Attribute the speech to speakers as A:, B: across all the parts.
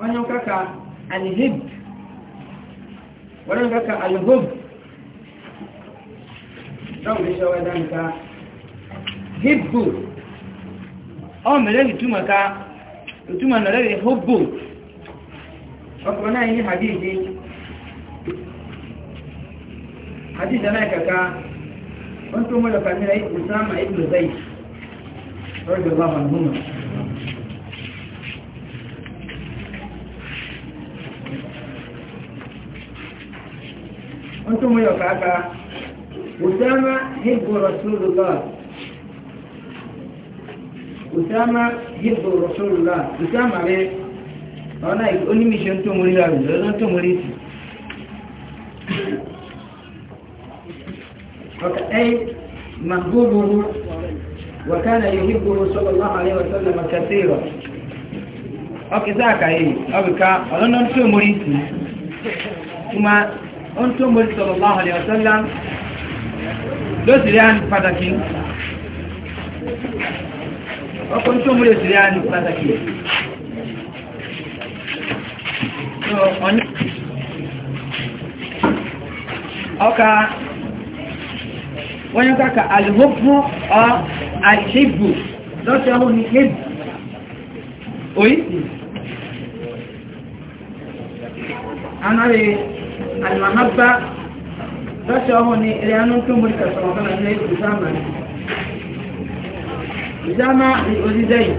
A: wannan kaka alhib wannan kaka alhub don da shawar danka hibbu on mere ituma ka ituma na rere hubbu ọkọ̀ náà yí hadithi hadithi náà kaka wọ́n tó mọ́lọ̀kà nílẹ̀ ìsáàmà ibùdó zai rọ́jọ̀ bá wọn wọ́n tó mú yọ̀ káàkà Usama hibbu rasulullah Usama hibbu rasulullah Usama rẹ̀ ọ̀nà onímìṣẹ́ tó mú rí rárẹ̀ lọ́nà tó mú rí sí أي محبوبه وكان يحبه صلى الله عليه وسلم كثيرا ọkì sáàkà yìí ọbìká ọ̀lọ́nà tí ó mórí sí ohun tó mọ̀ sọ̀rọ̀ láwọn ọ̀lẹ́ ọ̀sọ́lá ló sì rí àánú pàtàkì ọkọ̀ tó mọ̀ sí rí àánú pàtàkì ọkà wọ́n yóò kàkà alìhókún ọ àṣíbù lọ́sẹ̀ ọ̀hún ní hébù oyi anáre àlùmọ́hábà lọ́sẹ̀ ọ̀hún ni ilẹ̀ anú tó mú ìtàkùn ọ̀kan ní ìzámà ìzámà òsì zayd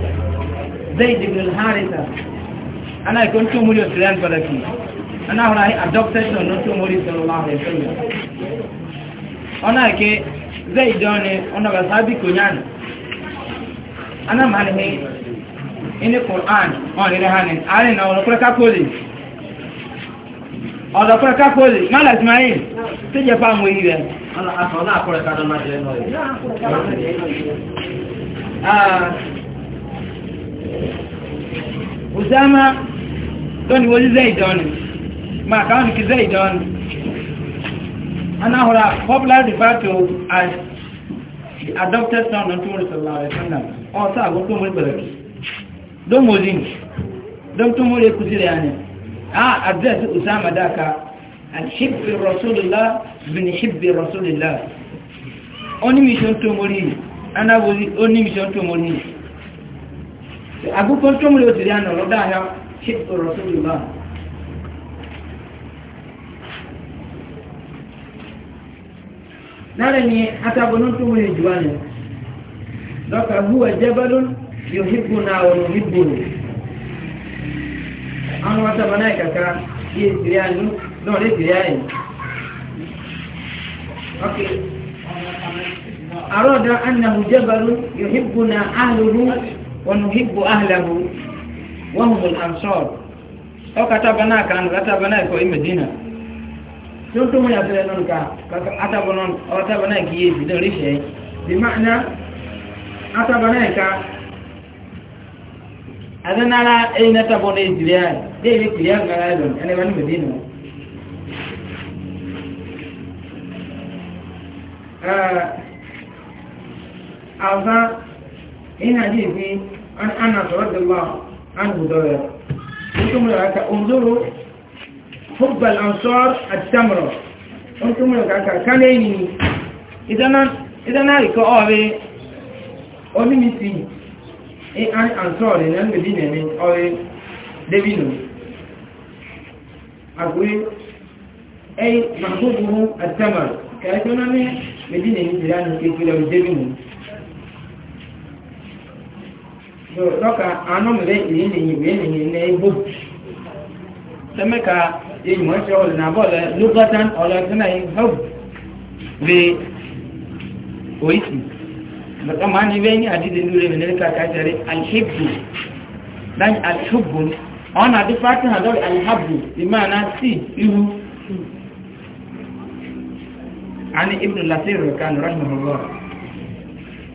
A: zayd ibn harita ana ìkọ́ tó mú ìtàkùn pàtàkì ana ọ̀rọ̀ ayé adọ́pẹ́sọ̀n ní tó mú ìtàkùn láàrín sọ́yìn ọ̀nà ìkẹ́ zayd ọ̀nì ọ̀nà bàtàbí kònyàn ana màlìhẹ́ inú kùrán ọ̀nì rẹ̀ hàní àárín ọ̀rọ̀ kúrẹ́kákólì ọ̀dọ̀ fún ẹ̀ká pọ́lì mọ́lá ìsmáyìn tí jẹ fáwọn èyí rẹ̀ ọ̀sáàmá ah, tó ní wọ́n zẹ́ ìdánù máa káwọn ní kí zẹ́ ìdánù anáhùra popular referred to as the adopted son of tumori sallallahu alaihi wasallam ọ̀sáàgbọ́n tó mú ìpẹ̀lẹ̀kì dómòzin dómtúmúrí kùsílẹ̀ ànìyàn ah address usama daka alhibbi rasulillah bin hibbi rasulillah oni mission to mori ana wo oni mission to mori abu kon to mori o ti ana lo da ya hibbi rasulillah nare ni atabonu to mori juwane doka huwa jabalun yuhibbuna wa nuhibbuhu àwọn wata bana ya kaka iya tiriya ni náà lè tiriya yìí ok àrọ́dá annahu jabalu yòhìbù na ahùrù wọn yòhìbù ahùlàhù wọn hùwù ansọ́ọ̀ ọkà tábànà kan látàbànà ẹ̀kọ́ ìmẹ̀dínà tó tó mú yàtọ̀lẹ̀ náà ká àtàbànà ẹ̀kọ́ ìyẹ̀dì náà ríṣẹ́ bí máa ná àtàbànà ẹ̀ka adanara eyina eh, tabo ne etiriya deeri kiriya ngara don ene bani medina awusa ah, in hadisi an anas radiyallahu anhu dawya kuntum laka unzuru حب الأنصار التمرة أنتم لك كان إذا أنا إذا أنا أوي أوي مثلي Eh, in an ansori na medina ne ori eh, dabino akwai ai eh, mahbubu at-tamar kai tona na medina ne jirani ke kula so loka ano mere ni na ni ni ni bu semeka e mo se o na bole lugatan o la tena oisi kamani wengi adide nure meneleka kajare alhibbu dan alhubbu ona adifati hadori alhabbu imana si ihu ani ibn lasir kan rahimahullah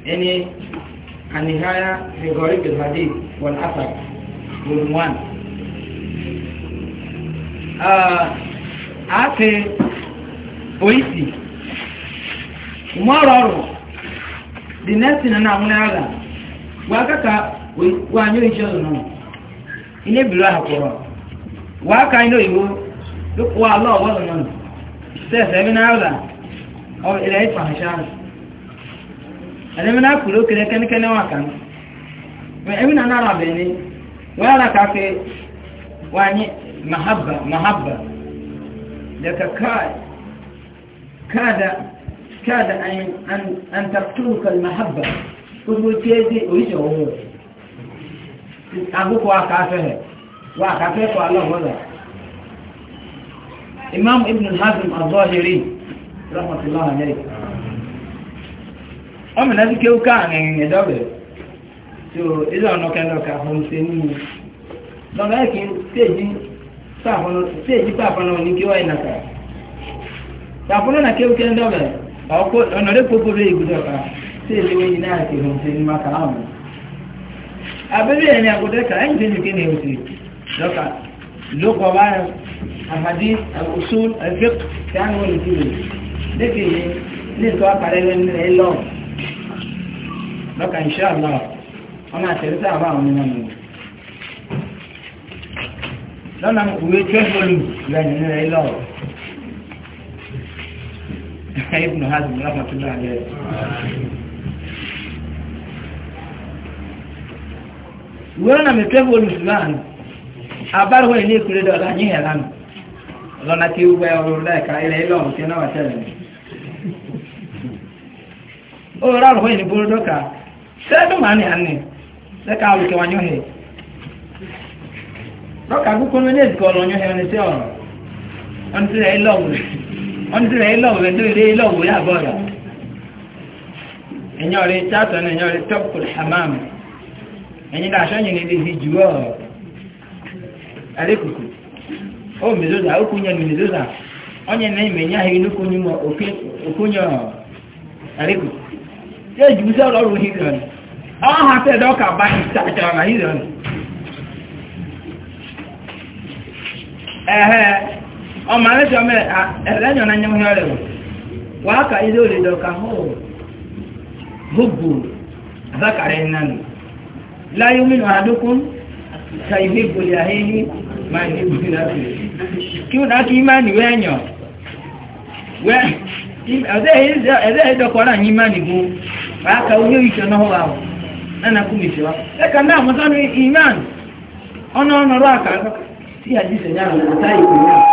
A: ini anihaya fi gharib alhadith wal athar volume 1 ah ate poisi umaro di next na amụna agha gwa aka wa anyị oyiche ọzọ nọ ihe bilu ahụ wa aka anyị n'oyibo wa ala ọgbọ ọzọ nọ sef ebe na agha ọ ere ịfa náà kùrò kìrẹ kẹ́nikẹ́ni wà kan ẹ̀mí náà náà rọ̀bẹ̀ ni wọ́n yára káfẹ́ wà ní mahabba mahabba daga káàdà كاد أن, أن, أن تقتلك المحبة قلت كيدي ويش هو أبوك وأكافه وأكافه الله ولا إمام ابن الحزم الظاهري رحمة الله عليه ọmọ náà ti kéwú káàrin ìrìn ẹ̀dọ́bẹ̀ tí ó ilé ọ̀nà kẹlọ́kà fún ṣe nínú lọ́nà ẹ̀kí tí èjì pàfọ́nà ní kíwá ìnàkà tàfọ́nà kéwú kẹ́ndọ́bẹ̀ ọkọ ọ̀nàdé kòkòrò ìgbìdọ̀ kan tí èléwé yìí náà ti hùn sí ní maka àmì abẹ́rẹ́ ẹ̀mí àkọ́dẹ́ kan ẹ̀yìn tí nìkí ni èwùsì lọ́kà ló kọ́ bá àhàdí àwòsù ẹ̀fẹ́ tí a ń wọ́n ìdí rẹ̀ lẹ́kì yìí ní ìtọ́ àkàrẹ́ lẹ́nu ẹ̀ lọ lọ́kà ìṣẹ́ àlọ́ ọmọ àtẹ̀rẹ́ sáà bá àwọn ọmọ lọ́nà ìwé 12 volume lẹ́nu ẹ̀ lọ́wọ́ haka ibn hazm rahmatullah alayhi wona metevo luslan abar wa ni kule da ganye yalan lona ti uba o la ka ile ilo ti na wa tele o ra ro ni buru doka se do mani anni se ka u wọ́n ti rẹ̀ ilọ̀wọ̀ rẹ̀ lórí ilọ̀wọ̀ ya bọ́ọ̀dà ẹ̀yìn ọ̀rẹ́ tààtọ̀ ní ẹ̀yìn ọ̀rẹ́ tọ́pù hamam ẹ̀yìn dàṣọ́ yìí níbi ìjù ọ̀ àrékùkù ó mìzóza ó kúnyẹ mìzóza ẹ̀hẹ́ ọmọ alẹ́ sọ mẹ́rẹ̀ ẹ̀rẹ́yàn na nyẹ́mú yọrẹ̀ wọ̀ wàá kà ilé òlè dọ̀ka láyé àdókún ka ìwé ìbòlì àhẹ́yí ma ní ìbùdó náà kí wọ́n dákì ìmá nìwé ẹ̀yàn wẹ́ ní ìmá nìgbó wàá oyé ìṣẹ́ náà ọ̀nà ọ̀nà àkàrà sí àjíṣẹ́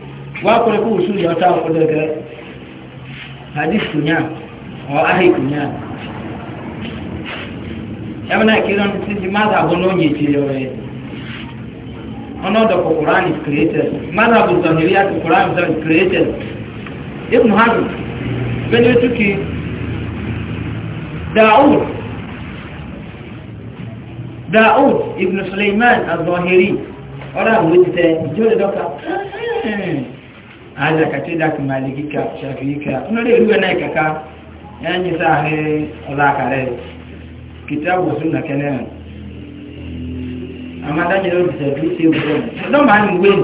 A: wakore ko usuli ya tawo daga hadis kunya o ahi kunya yamna kiran sisi madha bono nyi tilewe ono da Quran is created madha bu zahiriya Quran is created ibn hazm ben yutuki Daud داود ابن سليمان الظاهري ọ̀rọ̀ àwọn ìtẹ̀ ìjọ́ ìdọ́ka aza ka te dak malikika shafiika no le ruwa nai kaka yani sa he ola kitabu sunna kene ama da jelo se du se u no ma ni we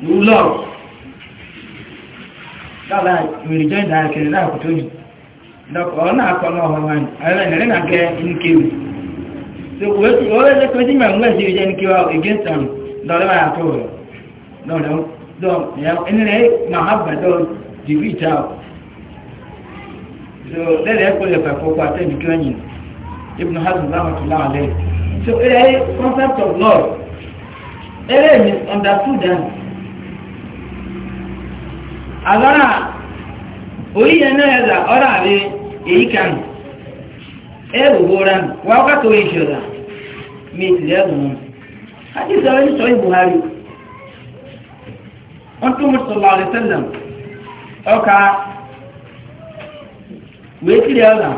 A: you love kala we rejoin da kene da ko toji da na ko no ho man ala ne na ke in ke so we o le ko ngwa si je against am da ma to no no dɔn ɛni lɛ mama gba dɔn divi ta o so lɛlɛ ɛkò lɛ fɛ fɔ kó atɛ mi tó ɛyin ibùdó hàn ní báwọn tó náà lɛ so ɛlɛ concept of law ɛlɛ mi understood am alɔra oyi yɛn náà yɛ la ɔra bi èyí kan ɛwò wóra wà wákàtí oyin sɔra mi ti lɛ wò wọ́n tún mú sọ̀lá rẹ̀ sẹ́lẹ̀m ọkà wèé tìrẹ̀ ọ̀là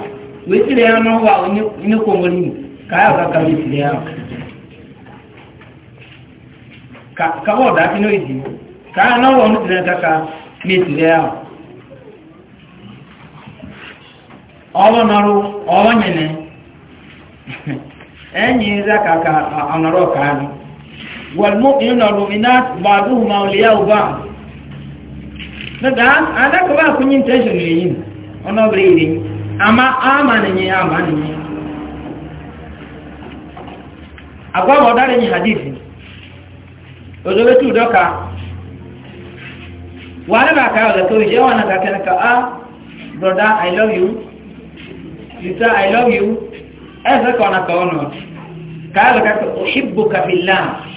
A: wèé tìrẹ̀ ọ̀nà wà ní kòmòrì káyà ọ̀kàkà wèé tìrẹ̀ ọ̀ káwọ̀ tí náà ìdí káyà náà wọ̀ tìrẹ̀ kàkà wèé tìrẹ̀ ọ̀ ọwọ́ ẹ̀yìn والمؤمنون والمؤمنات بعضهم أولياء بعض daga ana ka ba kun yin tashin leyin ono brede ama amanin ne amanin ne agwa mo dare ni hadisi ozo betu doka wala ba ka da to je wana ka kana ka ah brother i love you sister i love you esa eh, kona ka ono ka ga ka uhibbuka fillah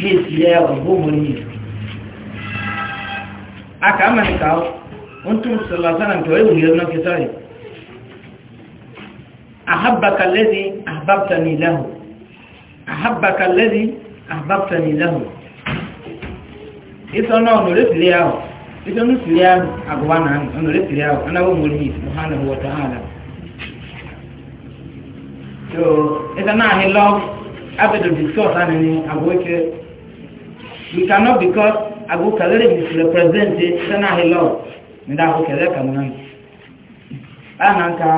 A: gesiela gomoni aka amani kawo untum sallallahu alaihi wasallam to ewu yero nake sai a alladhi ahbabtani lahu ahabbaka alladhi ahbabtani lahu ito na onore tiri awo ito nu tiri awo agwa na onore tiri awo anawo mori subhanahu wa ta'ala so ita na hi love abedul discuss anini agwo ke we cannot because abu is misrepresent sana hello nda abu kalere kamunan ana nka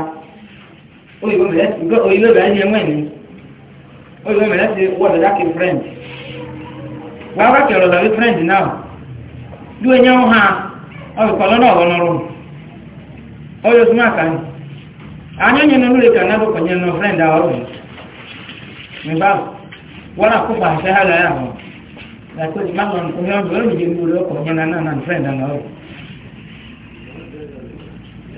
A: oyibo mẹlẹ ti gbọ oyibo bẹrẹ ni ẹwọn ni oyibo mẹlẹ ti wọdọ daki friend wàá bá friend náà dúró nyẹ ha ọbẹ kọlọ náà wọn lọrùn ọyọ súnmọ àkàní anyọnyẹ nínú rẹ kàn náà bọ kọnyẹ nínú friend àwọn ọrùn mi báwo wọn ha àṣẹ hàlẹ lakini imam mwangu leo nijimdule huko jana na na friend na wewe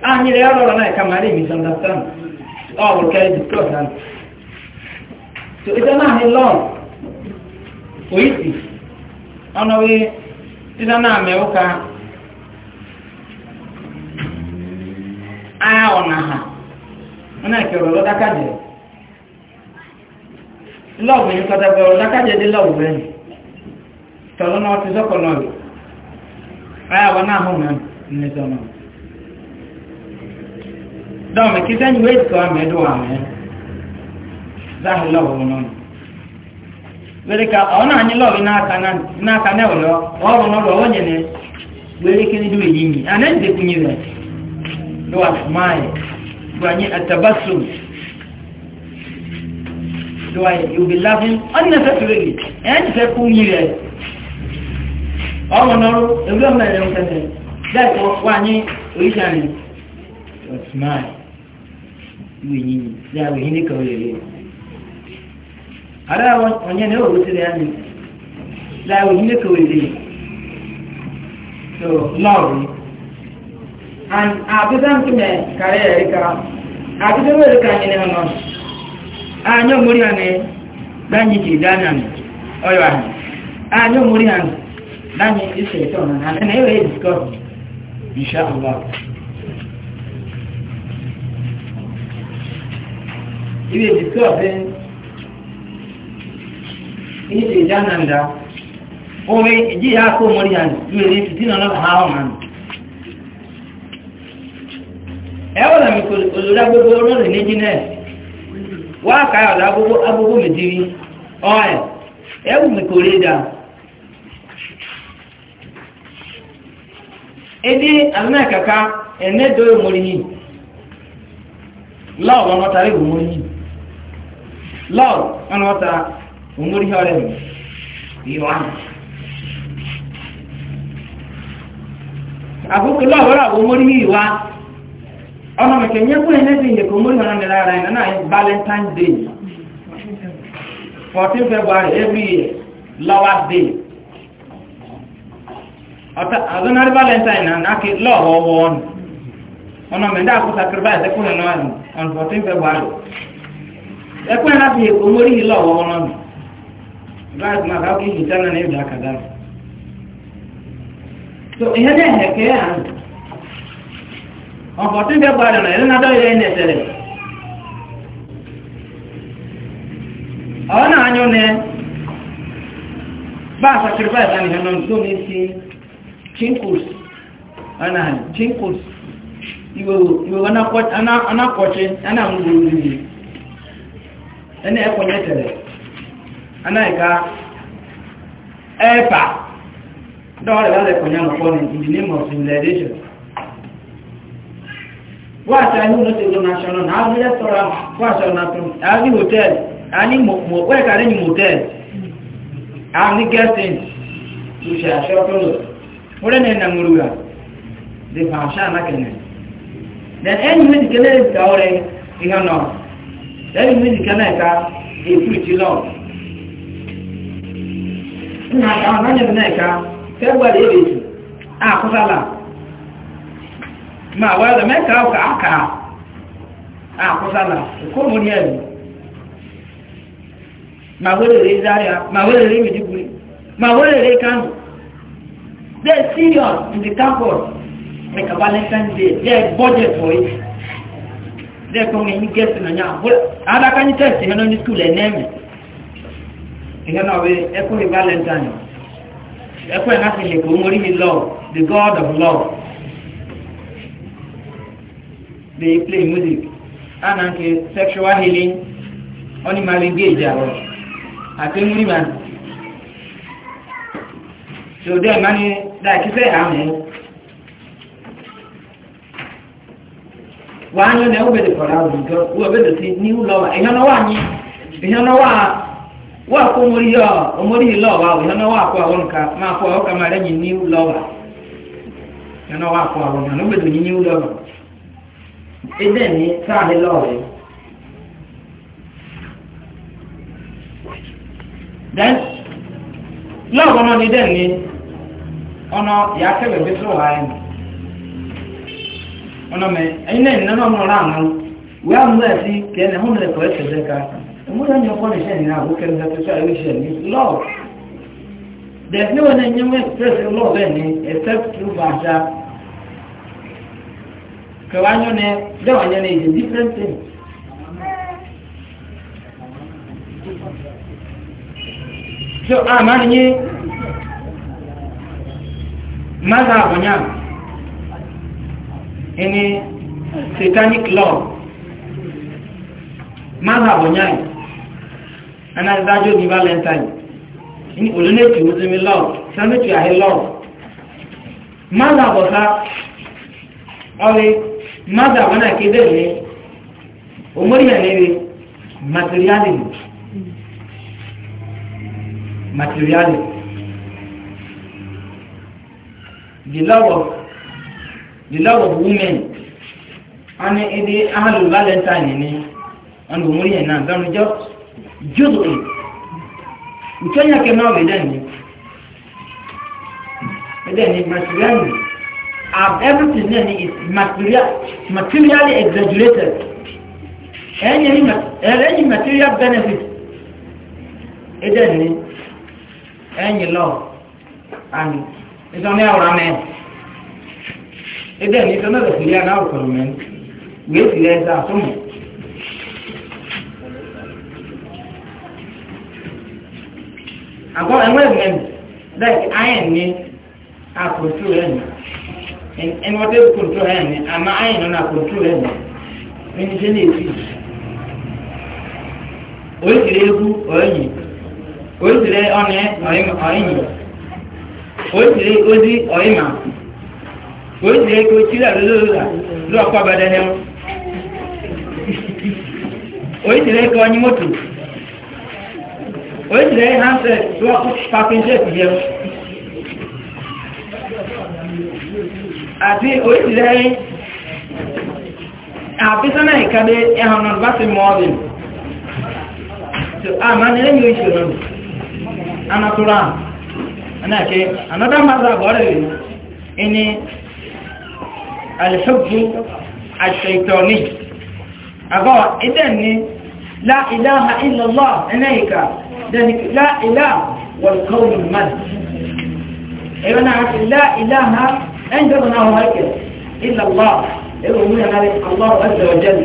A: ah ni leo leo na kama leo misunderstand oh okay discuss and so it's not a long oisi ana we tena na ameuka aya ona ha ana kero lo dakaje love ni kwa sababu dakaje ni love sọ̀rọ̀ náà ti sọ́kọ̀ náà rẹ̀ ayàwó náà hùn náà ní sọ́nà dọ́ọ̀mì kí sẹ́yìn wéjì kọ́ àmì ẹ̀dùn àmì dáhùn lọ́wọ́ náà wèrè ka ọ̀ náà ní lọ́ọ̀rì n'aka náà lọ ọ̀rùn náà lọ́wọ́ nyẹ̀ ní wèrè kí ní dúró yìí ní you'll be laughing unnecessarily ẹ̀ ń tẹ́ kú yìí rẹ̀ ọmọ náà ewúrẹ́ ọmọ ẹ̀rọ kẹsẹ̀ dẹ́kọ̀ wà ní oríṣàní osman ìwé yìí ní àwọn èyí nìkan ó lè ara ọ̀nyẹ́ ní òwú sílẹ̀ ẹni láwọn èyí nìkan ó lè rí so lọ́ọ̀rù tún mẹ́ kàrí ẹ̀rí ká àbísàn wẹ̀rí ká yẹn lẹ́nu náà láàyè isi ìtọ́ ọ̀nà alẹ́ náà yóò discuss inshallah. ibi discuss ẹ ní ti ìjà náà dá omi ìjìyà kó mọ́rí yàn lórí ní fìtí náà náà hàn án. ẹ wọ́n làmì olùdá gbogbo gbogbo agbogbo edi ana kaka ene doyo morihi law ba notare go morihi law anota umuri hore iwan akoko law ra go morihi wa mori na valentine day 14 february every year day ọ̀tá àzọ́nàrí valentina náà náà kí lọ́ọ̀wọ́ ọwọ́ ọ̀nù ọ̀nà sacrifice ẹkùn ẹ̀ on 14 february ẹkùn ẹ̀ láti èkó mórí yìí lọ́ọ̀wọ́ ọ̀nà nù báyìí máa na kí yìí tẹ́lẹ̀ ní so ìyẹn náà ẹ̀kẹ́ ẹ̀ on 14 february na ẹ̀rẹ́ náà dọ́yẹ̀ ẹ̀ nẹ̀tẹ̀lẹ̀ ọ̀nà àyọ̀ nẹ sacrifice náà nìyẹn si chinkos anaghị chinkos iwewo ana anamgbe oriri ana-ekwenyetere anaghịka epa dọrịa alekwenye nọkọ n'injinim of civilization anyị ayé olóṣèlú national na agbe restaurant wáṣẹ national agbe hotel ani mọ̀pẹ́ kàrí anyị motel anyị guest in to share wọ́n ní ẹ̀nà múrúwà di fàṣà alákẹ̀ẹ́ then ẹni méjì kẹ́lẹ́ ìka ọ̀rẹ́ ihe nọ ẹni méjì kẹ́lẹ́ ìka èkú lọ nna ka ọ náà nyẹ̀bẹ̀ náà ìka fẹ́gbẹ̀rẹ̀ èdè ètù àkúsàlà ma wọ́n ẹ̀dọ̀ mẹ́ka ọkà àkà àkúsàlà ìkó ní ẹ̀rù ma wọ́n lè rí záyà ma wọ́n lè rí mìdígbé ma wọ́n lè rí kánù They are serious in the campus. Like a Valentine's Day. They are budget for it. They are and get to Nanya. Ada kan ni test here in school and name. it now we echo the Valentine. Echo and ask him to love, the God of love. They play music. Ananke sexual healing. Oni marriage aro. Atemuri man. So there money láìkí fẹ́ àmì wà á anya na ẹwọ́ bẹ̀rẹ̀ kọ̀ọ̀dà nǹkan wọ́n bẹ̀rẹ̀ sí ní ìlọ́wà ìyẹn náà wà ní ìyẹn náà wà wà kó mórí yọ ọmọdé yìí lọ́wà ìyẹn náà wà kó àwọn nǹkan máa kó ọkà máa rẹ́yìn ní ìlọ́wà ìyẹn náà wà kó àwọn nǹkan ló bẹ̀rẹ̀ ní lọ́wọ́ ọ̀nà yàtẹ̀wẹ̀ bí sọ̀rọ̀ ayé mi ọ̀nà mẹ ẹ̀yin náà nínú ọmọ ọ̀rọ̀ àná wíwá mú ẹ̀ sí kẹ́ ẹ̀ hún lẹ́kọ̀ọ́ ẹ̀sẹ̀ lẹ́ka ẹ̀mú yẹn ní ọkọ ní sẹ́yìn náà àbúkẹ́ ní ẹ̀sẹ̀ sọ́ọ́ ẹ̀rí sẹ́yìn ní lọ́ọ̀ there's no one in your express love any except through Vasha kẹwàányọ́nẹ dẹ́wàányọ́nẹ is a different thing. so àmà nìyẹn maza abonya ini satanic law maza abonya ana dájọ́ ní valentine ní olónètì òsìnmi law sẹ́mẹ́tì àhí law maza abọ̀ta ọrí maza abonya kéde ní omoriya níbi materialism materialism the love of the love of women ani idi ahalu valentine ni ọnu omori yẹn náà dánú jọ jódò ẹ e. ìkẹyìn akẹmọ ọbẹ dẹ ni ẹdẹ ni material and um, everything there ni is material materially exaggerated ẹyìn ẹyìn material benefit ẹdẹ ni ẹyìn love and ìsọmí àwòrán mẹ ẹgbẹ́ mi sọmọ ẹ̀rọ sílẹ̀ àná àwòrán mẹ wíyé sílẹ̀ ẹ̀dá àtúmọ̀. àgọ́ ẹ̀wọ̀n ẹ̀mẹ́ bẹ́ẹ̀ ayẹ̀ ní àkótó ẹ̀mí ẹni wọ́n tẹ́lẹ̀ kótó ẹ̀mí àmọ́ ayẹ̀ nínú àkótó ẹ̀mí ẹni tẹ́lẹ̀ èsì oríṣiríṣi egwu ọ̀yìn oríṣiríṣi ọ̀nẹ́ ọ̀yìn oṣìṣẹ́ ozi ọ̀ìmà oṣìṣẹ́ kí o tíra lọ́lọ́lọ́lá lọ́ọ̀kọ́ abẹ́dẹ́ ní wọn oṣìṣẹ́ kí ọyìn mọ́tò oṣìṣẹ́ hansẹ̀ lọ́ọ̀kọ́ pàkínṣẹ́ ìyẹn àti oṣìṣẹ́ àbísánà ìkàdé ẹ̀hàn náà bá ti mọ́ ọ̀dìn àmà nílẹ̀ ní oṣù náà anatura هناك ده ماذا already إن الحب الشيطاني أقول إذن لا إله إلا الله إنيك ذلك لا إله والقول المد إبنا لا إله عندنا هو هكذا إلا الله إبنا ملك الله عز وجل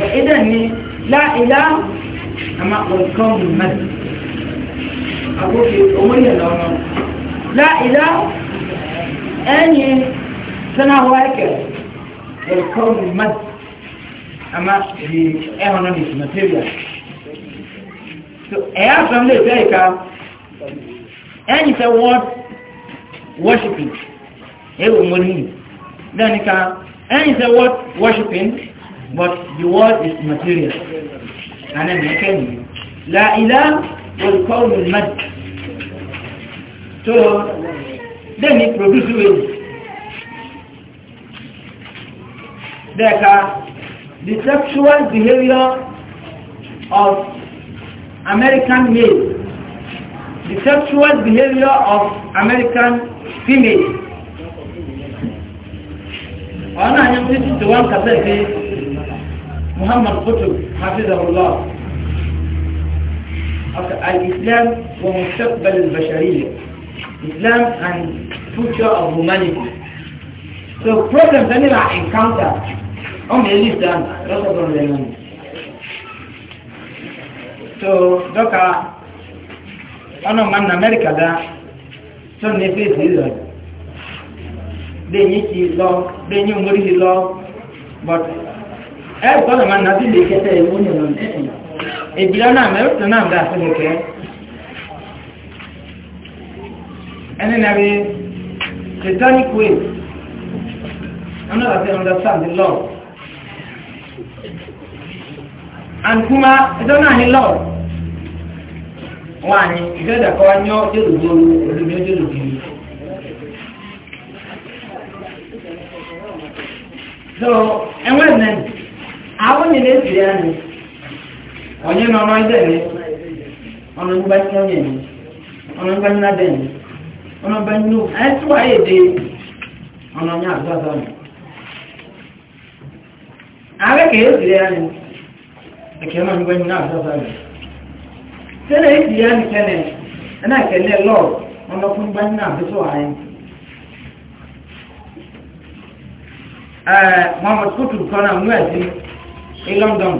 A: فإذن لا إله أما والكون المد láìlá ẹni sanáwó ẹ̀kẹ́ ẹ̀kọ́rù mẹ́t àmá material ẹ̀yà sọ́m lè fẹ́ ìka ẹni fẹ́ word worshiping ẹ̀wọ̀n mọ́ ní lẹ́nìká ẹni fẹ́ word worshiping but the world is material and then ẹ̀kẹ́ ni láìlá القول المد so then he produce waves the sexual behavior of American male the sexual behavior of American female ọ̀nà àyẹ̀kú ti tí wọ́n kàfẹ́ sí Muhammad Qutb hafizahullah الإسلام ومستقبل البشرية Islam and future of humanity so problems that any like encounter on the list and lots of problems so doka ọ̀nà man na America da so ní fèsì ìlọ lẹ́yìn ti lọ lẹ́yìn mórí lọ but ẹ̀ gbọ́dọ̀ man na bí lè kẹta ẹ̀ wọ́n yẹn lọ ebile na mẹ ọtọ na mẹ asọ kẹkẹ ẹni na bi satanic way i'm not gonna understand the law and kuma ẹjọ náà ni law wọ́n àyìn ìfẹ́ ìdàkọ́ wa yán jẹ́rùgbó olùmí jẹ́rùgbó so ẹwọ́n ẹ̀nẹ́ àwọn ènìyàn èsì onye nọ n'ọjọọ ni ọ̀nà ń gbá sí ọ̀nyẹ̀ ni ọ̀nà ń gbá ní adẹ́ ni ọ̀nà ń gbá ní nù ẹ̀tú ayé dé ọ̀nà ní àgbàdo ni. ààrẹ kìí ó sì rẹ̀ ni ẹ̀kẹ́ náà ń gbá ní àgbàdo ni. sẹ́lẹ̀ èsì yá ni anyị ẹ̀nà ìkẹ́lẹ̀ lọ́ọ̀ ọ̀nà fún gbá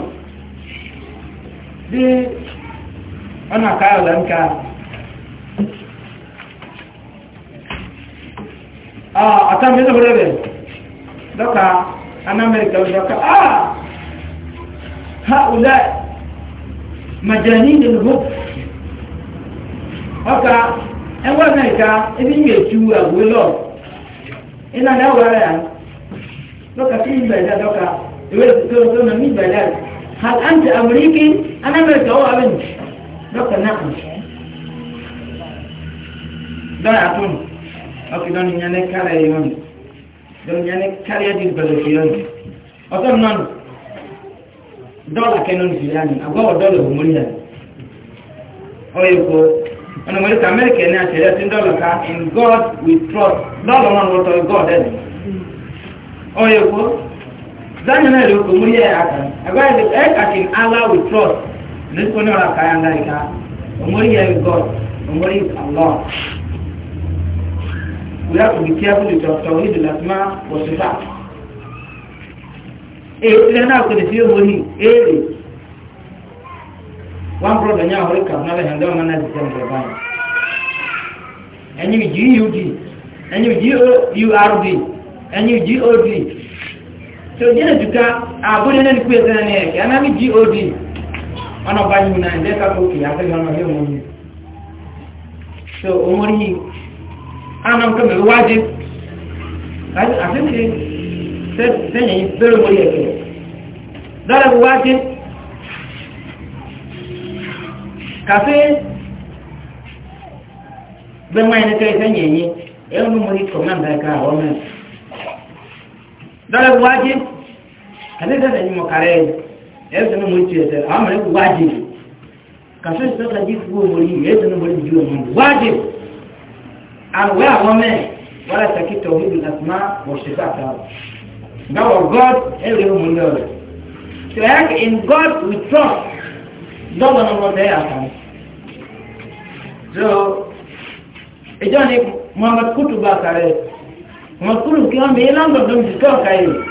A: ní bí ọ̀nà àkáyọ̀ lẹ́nkà àtàmì ìlú rẹ̀ dọ́ka anamẹ́ríkà dọ́ka ah ha ulẹ̀ majani ni lùhù ọka ẹwọ́ amẹ́ríkà ebi ń gbèjú àgbé lọ ìlànà ẹwọ́ rẹ̀ dọ́ka sí ìgbẹ̀lẹ̀ dọ́ka ìwé ìtòtò ọ̀nà ní ìgbẹ̀lẹ̀ hal anta amuriki anábẹ̀rẹ̀ tí ọwọ́ abẹ́ nìyí dọ́kítà náà kù dọ́yà tó nù nyane kárẹ̀ yìí don nyane kárẹ̀ di gbẹ̀lẹ̀ fi lónìí ọ̀tọ́ nù nọ́nù dọ́ọ̀lù kẹ́nu nìyí lánìí àgbọ̀wọ̀ dọ́ọ̀lù òhun mọ́lì yàrá ọ̀yẹ̀ kó ọ̀nà mọ̀lẹ́ kà amẹ́ríkà ní àtẹ̀lẹ́ tí dọ́ọ̀lù ká in god we trust dọ́ọ̀lù náà wọ́tọ̀ god ẹ̀ ọ̀yẹ̀ kó zanyanayi lè kó mọ́lì ya kan àgbáyé ẹ̀ka e kì in allah we trust rizq ni ọ̀rọ̀ kaya ńlá ìka omori yẹ god omori allah we have to be careful with our tawhid al-asma wa sifat ee eh, ilẹ̀ náà kò lè fi owó ní èrè eh, eh. one brother ní àwọn ìkàwọn náà lẹ́yìn ọdọ́wọ́n náà dìtẹ́ ìjọba báyìí ẹ̀yìn gud ẹ̀yìn gourd ẹ̀yìn god tó jẹ́ ètùká àbúrẹ́ náà ní pé ẹ̀sẹ̀ náà ní ẹ̀kẹ́ anábì god ọ̀nà bá yìí náà ẹ̀jẹ̀ kápẹ́ òkè àtẹ́gbẹ́ ọ̀nà yóò mọ̀ yìí so omori yìí àwọn ọmọ kẹmẹ wájú àfihàn sẹ́yìn yìí bẹ́rẹ̀ omori ẹ̀kẹ́ dára wájú kàfé bẹ́ẹ̀mọ́ ẹni kẹ́ sẹ́yìn yìí ẹ̀rọ omori kọ̀mọ́ndà ẹ̀ka àwọn mẹ́rin dára wájú kàfé sẹ́yìn yìí mọ̀ kàrẹ́ yìí yadda na mun ce da amma yau waje kafin su ta ji ko muri yadda na mun ji mun waje an wa wa me wala taki tauhid al asma wa sifat now of god every mun know to act in god we trust don't know what they are so ejani muhammad kutuba kare muhammad kutuba kiyambe ilango dum dikaw kayo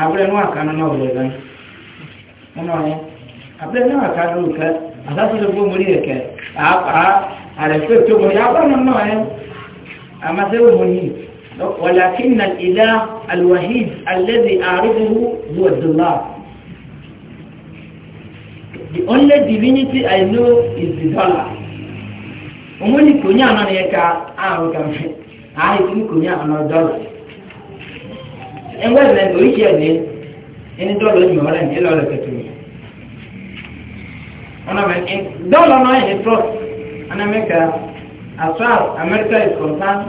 A: abirɛ no aka no na ɔyɛ ɛdan ɔno ɔyɛ abirɛ no aka no ɔkɛ asase so fo mori yɛ kɛ aa arɛfɛ to mori aba no na ɔyɛ amasɛ wɔ mori ولكن الإله الوحيد الذي أعرفه هو الله The only divinity I know is the dollar. Omoni konya anọ na yɛ ka a ɔka mfe, a yɛ kini konya anọ dɔla ẹgbẹ́ ìlẹ̀ oríṣi ẹ̀dẹ́ ẹni dọ́ọ̀lù ẹ̀yìn ọ̀rẹ́ ní ẹlọ́rẹ̀ pẹ̀tù dọ́ọ̀lù ọ̀nà ẹ̀yìn trust in america as far as america is concerned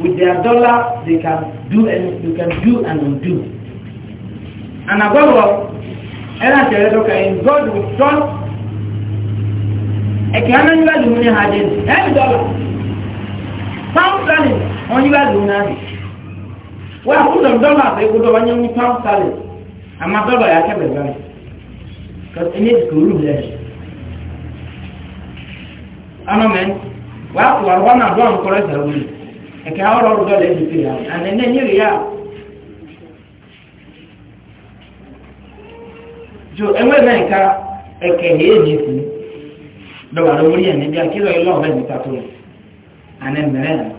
A: with their dollar they can do and they can do and undo and above all ẹ̀rọ àti ẹ̀rọ dọ́kà in god will trust ẹ̀kẹ́ ọ̀nà nígbà lùmí ní hajj ẹ̀rọ dọ́là sound planning ọ̀nà nígbà lùmí náà wọ́n akúndà dọ́là àfẹ́gbọ́dọ̀ wọ́n yẹ wí pound salad àmà dọ́là yà kẹ́ bẹ̀rẹ̀ bẹ̀rẹ̀ kọ́sí ní èdè kòrò rẹ̀ ọ̀nà mẹ́ wọ́n akọ̀ wọ́n wọ́n náà dọ́ọ̀n na sẹ̀rọ̀ wọlé ẹ̀kẹ́ ọ̀rọ̀ ọ̀rọ̀ dọ́là ẹ̀dì pè yà àná ẹ̀ yà jo ẹ̀wẹ́ náà ẹ̀ka ẹ̀kẹ́ ẹ̀yẹ́dì fún dọ́wà lórí ẹ̀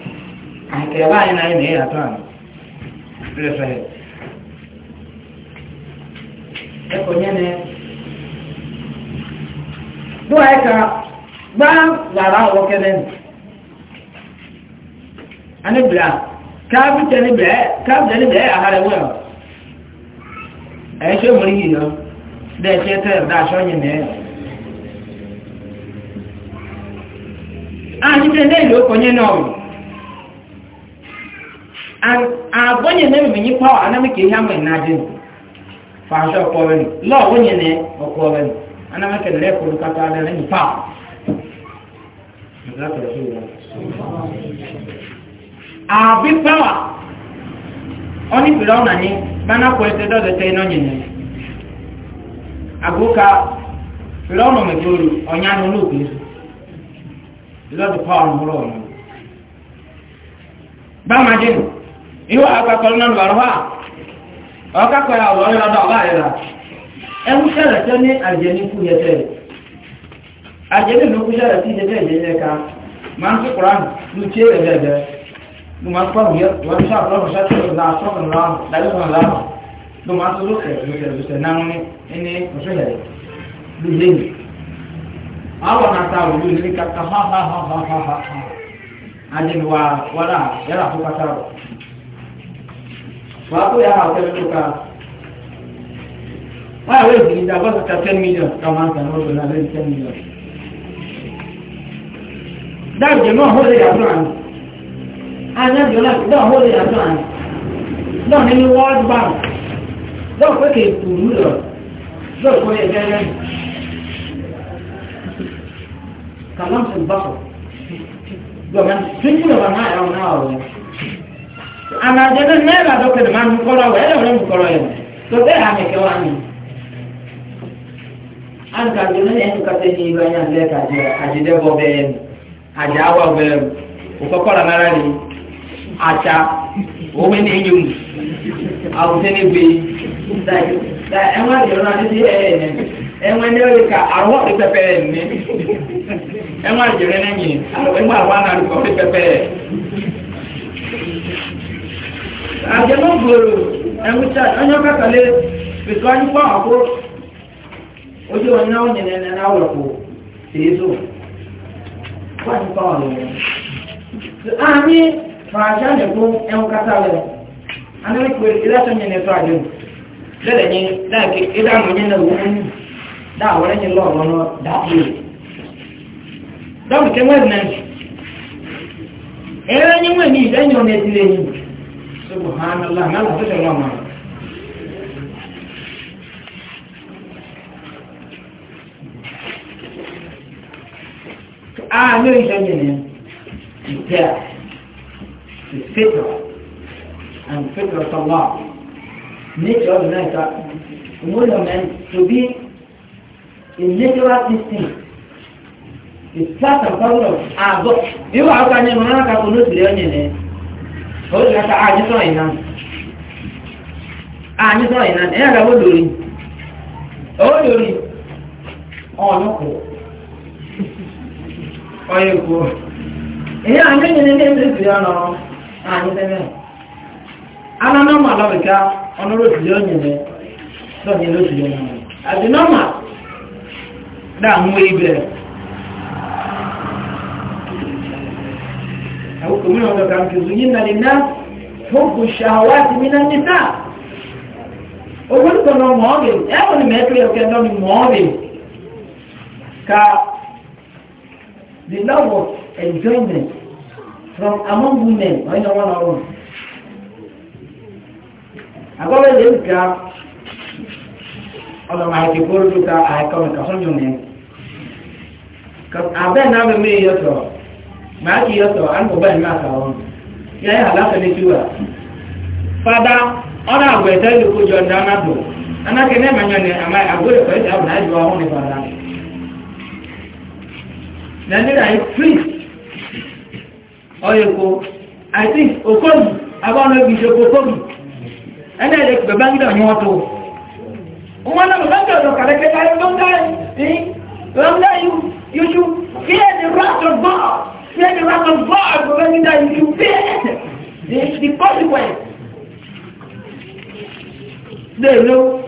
A: nke e anyị na anyị na-eyi atọ anyị na dụwa ka gbaa lara awọ kene ani bila kaabita ni bila kaabita ni bila ahara ewu ya ɛyɛ sɛ mori yi yɔ dɛ ɛkyɛ a abonye na mimenyi pawa ana mike ihe amwe na ajin fasho powen lo wonye ne okowen ana mike ne ka ta pawa oni pira ona ni bana ko ete do de te no nyene aguka pira me iwe akakọ nínú bàrọ́fà ọkakọ ya ọ̀rọ̀ nínú ọdọ ọba àyẹ̀dá ẹ̀hún sẹ̀rẹ̀ tẹ́ ní àjẹní kú yẹ tẹ́lẹ̀ àjẹní ló kú sẹ̀rẹ̀ tí yẹ tẹ́ yẹ yẹ ká máa ń fi kura ní tiẹ̀ yẹ bẹ́ẹ̀ bẹ́ẹ̀ ló máa ń pọ̀ wíyẹ wọ́n ti sọ̀rọ̀ lọ́wọ́ sẹ́tì ọ̀dà sọ̀rọ̀ lọ́wọ́ dájọ́ sọ̀rọ̀ lọ́wọ́ ló máa ń tó lókè lókè lókè náà ní ní òṣèlè lóyè àwọn nàta òlù ní kàkà ha ha ha ha ha ha àjẹní wà wàrà yàrá àfọkàtà rẹ̀ wàá kó yàrá ọ̀tẹ́ tó ká wọ́n yàrá èdè ìdá bọ́sà ká ten million ká máa ń tàn ọ́ lọ́dọ̀ náà ten million. dáàbò jẹ́ mọ́ ọ̀hún lè yàtọ̀ àná anájọ náà dá ọ̀hún lè yàtọ̀ àná náà ní world bank náà pé kè kùrú lọ náà kó yẹ gẹ́gẹ́ kàlámsì bákọ̀ gbọ̀ngàn tí ń bá náà yà wọn náà wọ̀ anadede nẹ́ẹ̀rà dọ́kẹ́ ní máa ń kọ́rọ̀ wẹ̀ ẹ̀rọ ń kọ́rọ̀ yẹn tó bẹ́ẹ̀ àmì kẹ́ wá ní. alùpàdé ní ẹnu kàtẹ́ ní ìlú ẹ̀yà ńlẹ̀ kàdé àdídẹ́bọ̀ bẹ́ẹ̀ ni àjà wà bẹ́ẹ̀ òkọ́kọ́rọ̀ náírà ni àṣà òwe ní eyín mu àwùjọ ní àjẹmọ́ gbòòrò ẹ̀wùchá onye ọkàkàlẹ̀ pẹ̀tù anyịkwa ọ̀gbọ́ ojú ọ̀nà onye nẹ̀nẹ̀ n'awọ̀pọ̀ tèézò kwanyịkwa ọ̀lụ̀wọ̀ anyị fàájá na ìdáàmù nyẹ nà wọ́n mú dáàwọ̀rẹ́ nyẹ lọ́ọ̀rọ̀ nọ dáàbò dọ́ọ̀kẹ́ wẹ́ẹ̀nẹ̀ ẹ̀rẹ́ nyẹ wẹ́ẹ̀ ní ìdẹ́nyọ̀ subhanallah náà tó ṣe lọ́mọ ààrẹ ìṣẹ́yìn ni ìtẹ́ ìfẹ́tọ̀ and fẹ́tọ̀ sọ́lọ́ nature of life movement to be a natural system is part and parcel of our God. Bí wàá ká ní ìmọ̀ràn kan kò lé ọ́nyẹ̀ ní. ó sì náà ààyè sọ ìná ààyè sọ ìná ẹ̀yà àgbàwó lórí ó lórí ndị ọ̀yẹ̀kù ẹ̀yà àmì anyị ní ẹ̀mí ìfìyà nọ ààyè sẹ́mẹ̀ ananọ́mà lọ́bìká ọ̀nùrò tìjọ́ nyẹ̀mẹ̀ lọ́nyẹ̀ lọ́tìjọ́ nyẹ̀mẹ̀ àti nọ́mà dáa ọkùnrin ọ̀dọ̀ kan kì í sùn yín nàní náà fún kò ṣàwá ti mí náà níta owó nìkan náà mọ̀ ọ́bì ẹ̀wọ̀n ni mẹ́tìrì ọ̀kẹ́ náà ni mọ̀ ọ́bì ka the love of enjoyment from among women ọ̀yìn náà wọ́n náà wọ́n. àgọ́bẹ̀ lè ń ka ọlọ́mọ àìkèkóró tó ka àìkọ́mẹ̀kà sọ́jọ́ nìyẹn abẹ́ náà bẹ̀ mí yẹ sọ̀rọ̀ máa kí yọ́sọ̀ àgbọ̀gbà ìmá àtàwọn yẹ́ àláfẹ́lẹ́tíwà fada ọ́nà àgbẹ̀tẹ́ ìlúkójọ dánádò anáke nẹ́mànyọ ni àmà àgbẹ̀rẹ̀ pẹ̀lú àwọn àjọ àwọn ní fada nàìjíríà yìí free ọ̀yẹ̀kọ́ i think okòmù abọ́nà ibi ìṣe okòmù ẹni ẹ̀dẹ̀ kì bẹ̀bá gídà ní wọ́n tó wọn náà bẹ̀bá gídà ọ̀dọ̀ kàdẹ́kẹ́ Then you have a God already that you can. fear the, the consequence. They know.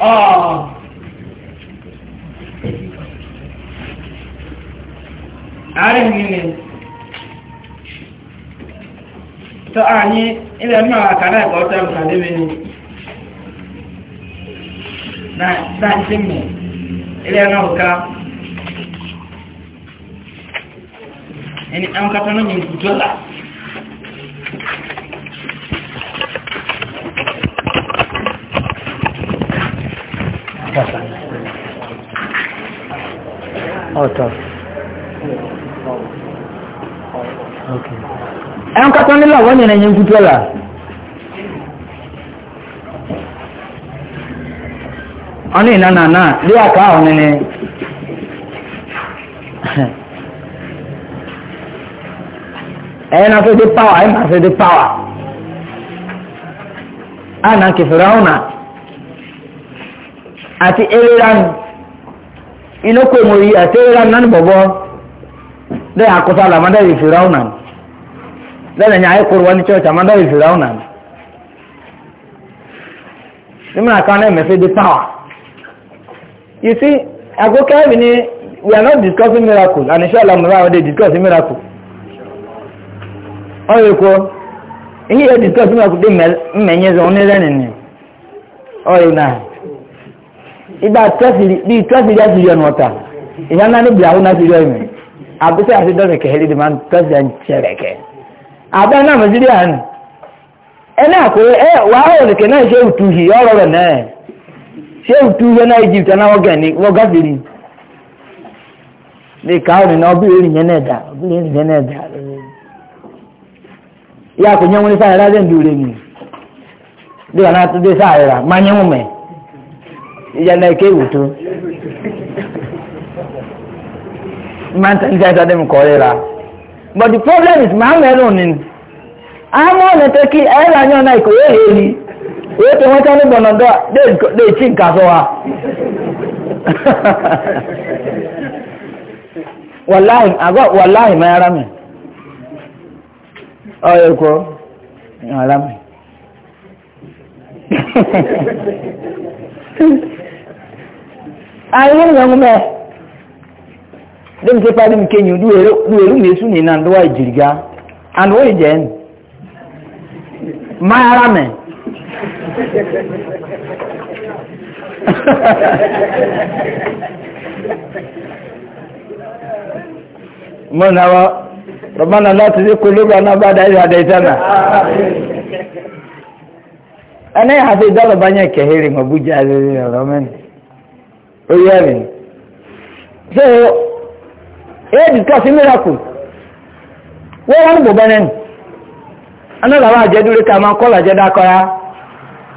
A: Ah. Ààrẹ mi ni. Tọ́ ààyè ilẹ̀ mẹ́wàá kàrẹ́ ẹ̀kọ́ tẹ́ ọ̀sán lé mi ni na sáàtì mọ̀ ilé ẹ̀nà ọ̀ká ẹni àwọn kata náà yìí dọ́là ọ̀tọ̀ ẹ̀wọ̀n kata nílò àwọn ènìyàn yìí dọ́là ọ̀nà ìnáná náà lé àká ọ̀nà ni ẹ̀yẹn náà fẹ́ dé pàwà ẹ̀yẹn náà fẹ́ dé pàwà àná kẹfẹ́rẹ́ ọ̀nà àti eréran inú kò mọ̀ yìí àti eréran náà ní bọ̀bọ̀ dẹ́ àkóso àlàmọ́dé ìfẹ́rẹ́ ọ̀nà lẹ́nu ní ayé kúrò wọn ní church àmọ́dé ìfẹ́rẹ́ ọ̀nà nígbà kan náà mẹ́fẹ́ dé pàwà. You see, i go carry me we are not discussing miracles, and inshallah Mura they discuss miracles. Ọ oh, yọkọ, ihe ya discuss miracles dey mmenye zọ onye zan ni. Ọ yọ na. Iba tafiri, di tafiri asiri on oh, water. Ihe na ni bia una siri ime. Abisa asi dọ ke heri di man president chereke. Aba na maziri an. Ena ko e wa o ke na je utuhi ọ̀rọ̀ rẹ̀ náà. shehu tu yẹn náà egypt náà wọ́n gẹ̀ẹ́ni wọ́n gáfìrí lè káwọn nínú ọbẹ̀ èrì yẹn náà dà ọbẹ̀ èrì yẹn náà dà yà kò nyẹ́ wọn ní sáà yẹn láti ń dùn rẹ̀ mi bí wọn náà tó dé sáà yẹn rà má nyẹ́ wọn mẹ́ ìyá náà ké wò tó máa ń ní sáà sáà dẹ́mi kọ́ rẹ̀ but the problem is màá mẹ́rùn ni àwọn ọ̀nà tẹ́kí ẹ̀rọ àyàn náà kò yẹ wete nweta ndị gbọ na ndọ e a na-echi nke azọ ha wallahi agwa wallahi ma yara mi ọyọ ikwo yara mi anyị nwere nwume dị m separi m kenyi duweru m esu na ndụwa ijiri gaa and oyi jen ma yara mi na muna ربنا لا تزغ قلوبنا بعد إذ هديتنا أنا يا حفيد الله banyak kehiri mabuja ramen oyarin so eh discuss miracle wọ́n wọ́n gbogbo ẹni anára wá jẹ́ dúró ká máa kọ́lá jẹ́ dákọ́ra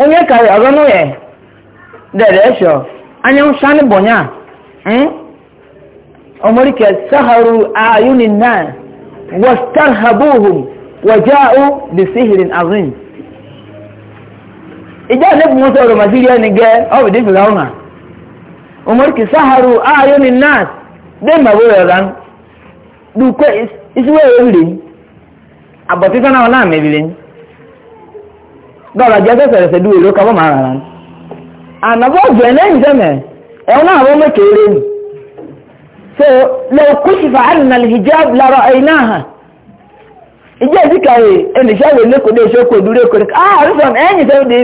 A: onye karị ọzọ n'ụyọ dere esho anya bonya hmm? saharu na wastarhabuhum waja'u bi sihirin azim ija na bu musa ro masiri ni ge o bi difi gauna omorike saharu ayunin na de mabo yaran na dọ́ọ̀lá jẹ́ sẹ̀sẹ̀ rẹ̀ sẹ̀dúwẹ̀ kọ́ máa ràn án ànàbọ̀ ọ̀gbẹ̀ lẹ́yìn sẹ́mẹ̀ ẹ̀wọ̀n náà wọ́n mẹ́kẹ̀ẹ́rẹ́ so lọ kú sí fàánà hijab lára ẹ̀yìnà hàn ìjẹ́ ìdíkàwé ẹnìṣẹ́wé lẹ́kọ̀ọ́ dé ṣókò dúró kò dẹ́kọ̀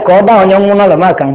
A: ẹ̀kọ́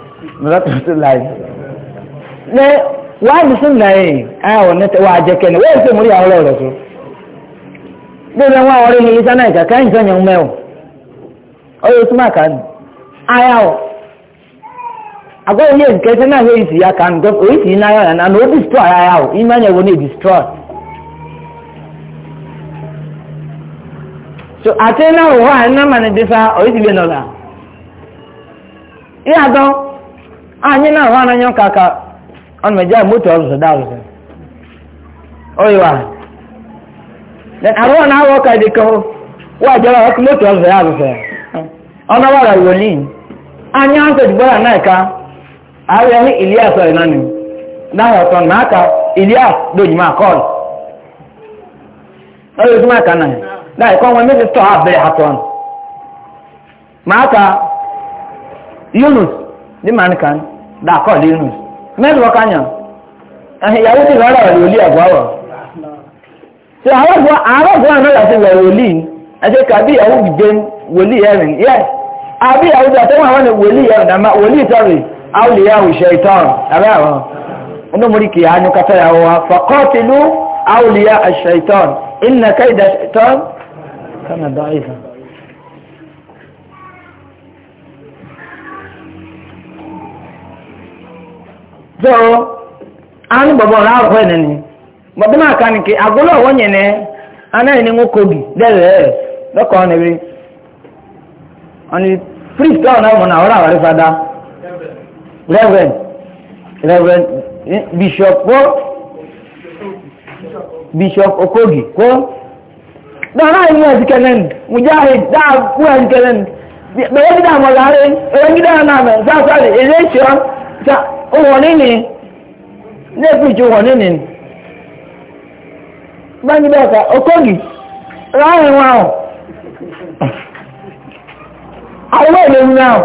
A: rahmatulahi ne wa bisimilahi awo ne wa jẹkẹ ne wọ́n ṣe múri àwọn ọlọ́rọ̀ tó bóyá wọn àwọn ọ̀rẹ́ yìí yíṣẹ́ náà kàkà ń sọ̀yàn mẹ́ o ọyọ tó máa aya o àgọ́ ilé nkẹ́sẹ́ náà lórí ìsìyà kà ní gọ́ọ̀fù orí ìsìyà náà yàrá na ó destroy aya o ìmọ̀ ẹ̀yẹ wo ni destroy. so àti náà wọ́n àná màní dísá orí ìsìyà náà la ìyá anyị na-ahụ ka ananya kaka ọnụ meja moto ọzụzụ daa ọzụzụ oyiwa then arụọ na awọ ka dịka wa jọrọ ọkụ moto ọzụzụ ya ọzụzụ ọnụ ọgbara wọlin anya ntọ jibọra na ka arịa ni ilias ọrị nanị dahị ọtọ na aka ilias dojima akọl ọrịa ojima aka na dahị kọ nwe mesi stọọ abịrị atọ ma aka yunus dị ma nkan dàkọ̀ lérù mẹ́rin wọ́n kányà ìyàwó ti rárá rẹ̀ olí àbúrò ṣe àrọ́gbọ́n àrọ́gbọ́n náà láti rẹ̀ olí ẹjẹ́ kàbí ìyàwó gbìgbé wòlí ẹ̀rìn yẹ́ àbí ìyàwó gbà tó wọ́n ní wòlí ẹ̀rìn dàmá wòlí ìtọ́rì àwòlìyàwó ìṣẹ́ ìtọ́rì àbẹ́ àwọn onímọ̀rí kì í ánú kátà ìyàwó so anụ gbọbọ na ahụ ene nke agụlọ ọwọ nye anaghị nwoke obi dere dọka ọ na ọnụ priest ọ na na ọrụ awarị fada reverend bishop bishop okogi kwọ dọrọ anyị ezikere mujahid daa kwuo ezikere bẹ̀rẹ̀ gídà ụwọ nini na-ekwuchi ụwọ nini gbanyebe ọka okogi raa nwa ahụ awụwa emenwu ahụ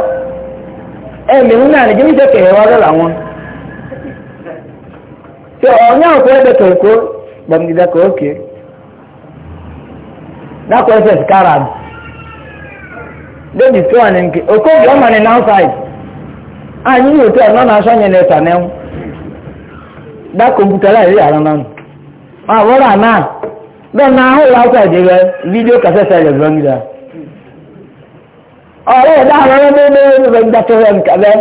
A: emenwu naanị jẹ́ ìjọ kẹrẹ wá lọ́la wọn tí ọ̀nyá òkú ẹgbẹ́ kẹ̀kọ́ gbàmìdà kọ̀ ókè dákọ̀ ẹsẹ̀ nke okogi ọmọ ní anyị na otu a nọ na-asọ anya na ịta n'enwu da kọmputa la eri ara n'anụ ma bụrụ ana bẹẹ na ahụ ụlọ akwụkwọ dị ebe vidiyo kasete ya zụrụ ngida ọrụ ịda ahụ ọrụ ebe ebe ebe ebe datọ ya nke abịa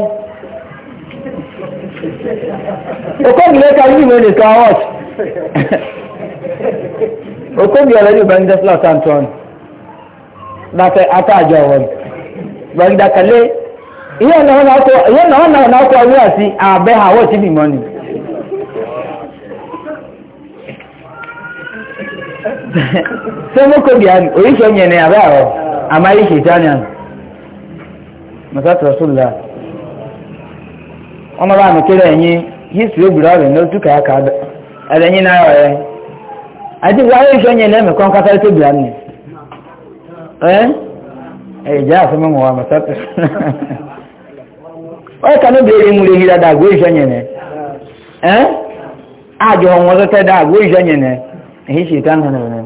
B: okongile ka ndị mere ka ọwọt
A: okongile ọrụ ebe ndị slọt antọn datọ ata ajọ ọwọt gbangida kale ihe na ọ na-akwụ ọrụ si abe ha wọ́n ti bí mọ́ni sẹ́mọ́kọ́ oríṣẹ́ yẹn ni àbẹ́ àwọ̀ àmáyé ṣètànian mọ̀sátọ̀ sọ́lá ọmọ bá mi kéré ẹ̀yìn history ògbùrọ̀ rẹ̀ ní ojú aka ẹ̀rẹ̀yìn náírà rẹ̀ àti wáyé iṣẹ́ yẹn lẹ́mẹ̀kọ́ na tó bìí àmì ẹ̀ oye kanu bere mu le hira da agbo iṣẹ yẹn nẹ ẹn àjọ wọn tẹtẹ da agbo iṣẹ yẹn nẹ èyí ṣe tán nínú rẹ.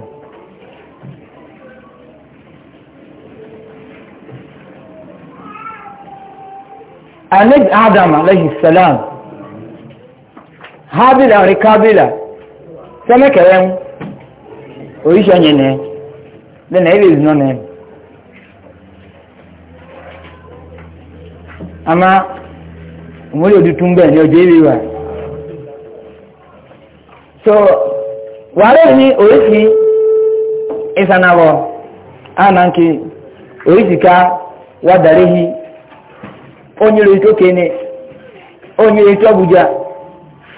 A: adam alayhi salam habila rikabila. kabila sẹmẹkẹrẹ ń oríṣẹ yẹn nẹ lẹnà ilé ìdùnnà nẹ. ama umuri oditun bẹ́ẹ̀ ni ọjọ́ ìwé wa so wàhálà ní oríṣi ìsanàwọ̀ ànànkì oríṣi ká wà dàríhi onyere tó kéne onyere tó abuja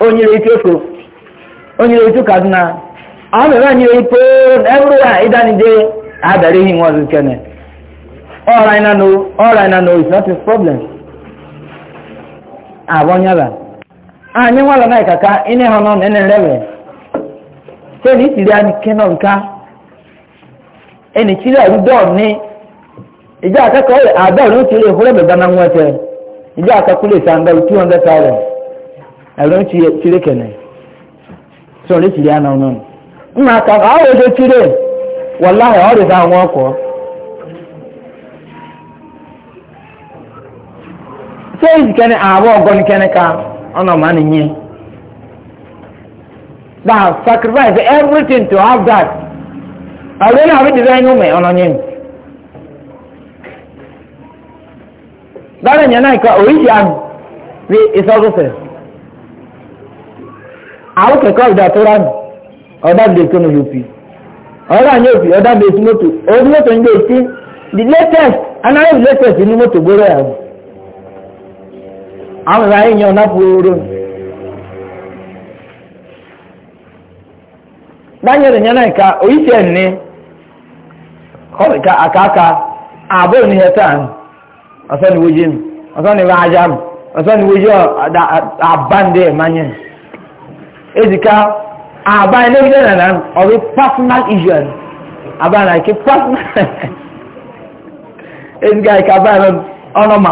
A: onyere tó so onyere tó kaduna àwọn mẹ́fà ní orí pé ìdánidé àdàríhi wọn ló kẹ́nẹ̀ all right now all right it's not a problem. abonyaba anyị nwala na ikaka ine ha nọ nene rewe se ni siri ani keno nka eni chiri aru don ni ija akaka ole ada ole chiri hore be bana nwete ija akaka ole 200000 aru chiri kene so le seyi kene awo ogon kene ka na mani nye they have sacrificed everything to have that ọdún náà fi design ume ono nye dára nyana ika oríṣi àmì bí ìsọdúnfẹ àwọn kẹkọọ ìdàtúrà nù ọdá bìí tó nù yóò fi ọ̀rọ̀ àyè òfì ọ̀dà bẹ̀rẹ̀ sí mọ́tò ọdún mọ́tò ń gbé sí the latest another latest inú moto gbóró ẹ̀ àwọn. àwọn ará na lápòórò báyẹ̀ rẹ̀ yẹn náà ìka oríṣẹ́ ní kọ́ríkà àkáàkà aka aka ẹ̀ta ọ̀sán ni wójé mi ọ̀sán ni rájá mi ọ̀sán ni wójé ezika ẹ̀máyẹ̀ èjìká àbá ilé ìjẹ́ nàná ọ̀rí personal issue àbá náà kí personal ma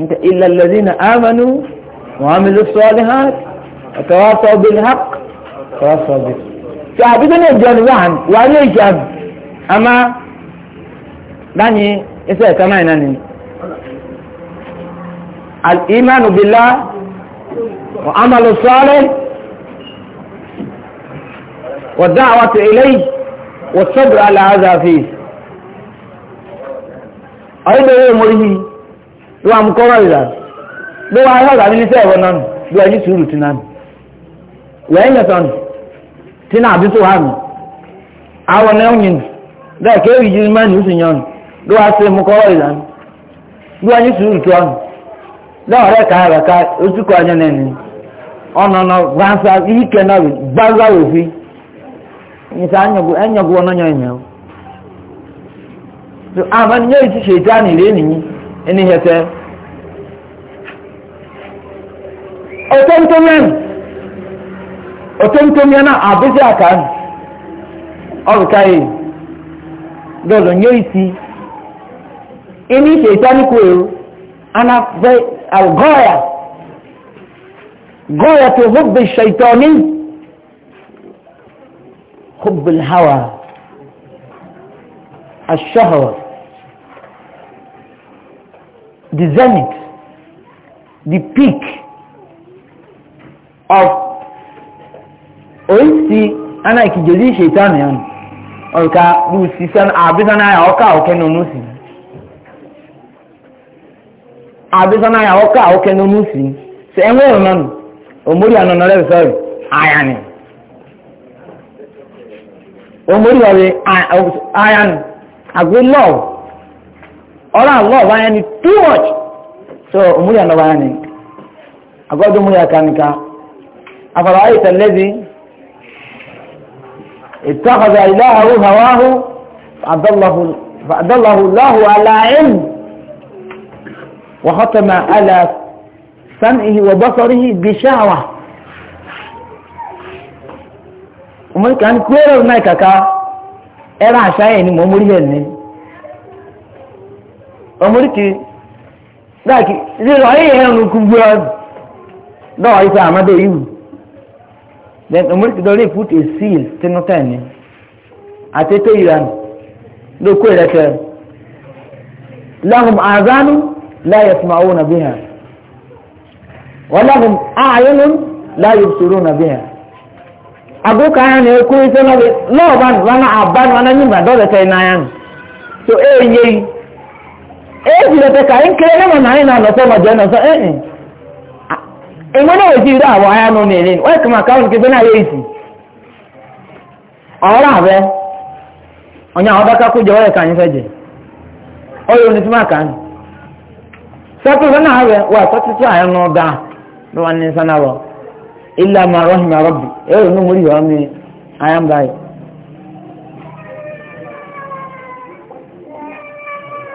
A: إلا الذين آمنوا وعملوا الصالحات وتواصوا بالحق وتواصوا بالحق عن وعليك وعليكم أما داني إسأل كمان أني الإيمان بالله وعمل الصالح والدعوة إليه والصبر على هذا فيه أيضا يوم wa mu kọ́ra ìlà ló wá ayé ọ̀gá mi ní sẹ́ẹ̀wọ̀ náà ló ẹni sùúrù tí náà wẹ́n yẹ sọ̀nù tí náà àbí tó wà mí àwọn náà ń yin bẹ́ẹ̀ kéwì jí mẹ́rin ní sùn yàn ló wá sí mu kọ́ra ìlà ló ẹni sùúrù tó ọ̀nù lọ́wọ́ rẹ̀ ká ẹ̀rọ ká oṣù kọ́ ẹ̀yẹ náà ni ọ̀nà ọ̀nà gbansa yìí gbansa fi ẹni hẹtẹ ọtọmtọmẹn ọtọmtọmẹn náà àbísí àká ọrùka yìí dọdọ nyọ isi ẹni ṣèṣánì kúrò anafẹ algọya gọya tó hóbbi ṣètọ́ni hóbbi hawa. الشهوه the zenith, the peak of oríṣi ana ìkìjòlì ìṣètàn yẹn ọ̀ka lùsìsàn àbísanáyà ọ̀ka ọ̀kẹ́ nínú sí àbísanáyà ọ̀ka ọ̀kẹ́ nínú sí ṣe ẹ̀wọ̀n ọ̀nà nù òmórí àná nà lẹ́bi sọ́ọ̀rì àyànì òmórí ọ̀rẹ́ àyànì àgbélọ́ọ̀ ọ̀rọ̀ àlọ́ wáyé ni too much so òmúyà lọ wáyé ni agọ́dún múyà kánìká afọ̀rọ̀ ayé tẹ̀lẹ́dì ìtọ́kọ̀dà ìdáhàwó hàwáhù fàdọ́lọ́hù láhù aláìm wàhọ́tọ̀mà alá sánìhì wà bọ́sọ̀rìhì bí ṣáwà òmúyà kánìkú ẹ̀rọ náà kàkà ẹ̀rọ àṣáyẹ̀ ni mọ̀ mórí ní ọmọdéke dáàkì ilé ya ayé yẹn ló kú gbúra lọ́wọ́ ayé pé àmàdé yìí then esi dọ́ lè a seal sínú tẹ̀ni àtẹ́tẹ́ ìran ló kó ìrẹ́tẹ́ lahum na la yasma'una biha wa lahum a'yunun la yubsiruna ya na ekwu ise lọ́wọ́ bá nù wọn àbá nù wọn ní ìgbà so èyí ezilete ka anyị nkere na na anyị na-anọsọ ma jee nọsọ ee enwe na wezi abụọ ya nọ n'ele wee maka ka nke na ọrụ abụọ onye ahụ ọdaka ka anyị feje jee ọrụ onye tụma ka anyị sọtụtụ na eh, wa sọtụtụ anyị n'ụwa nsanarọ mba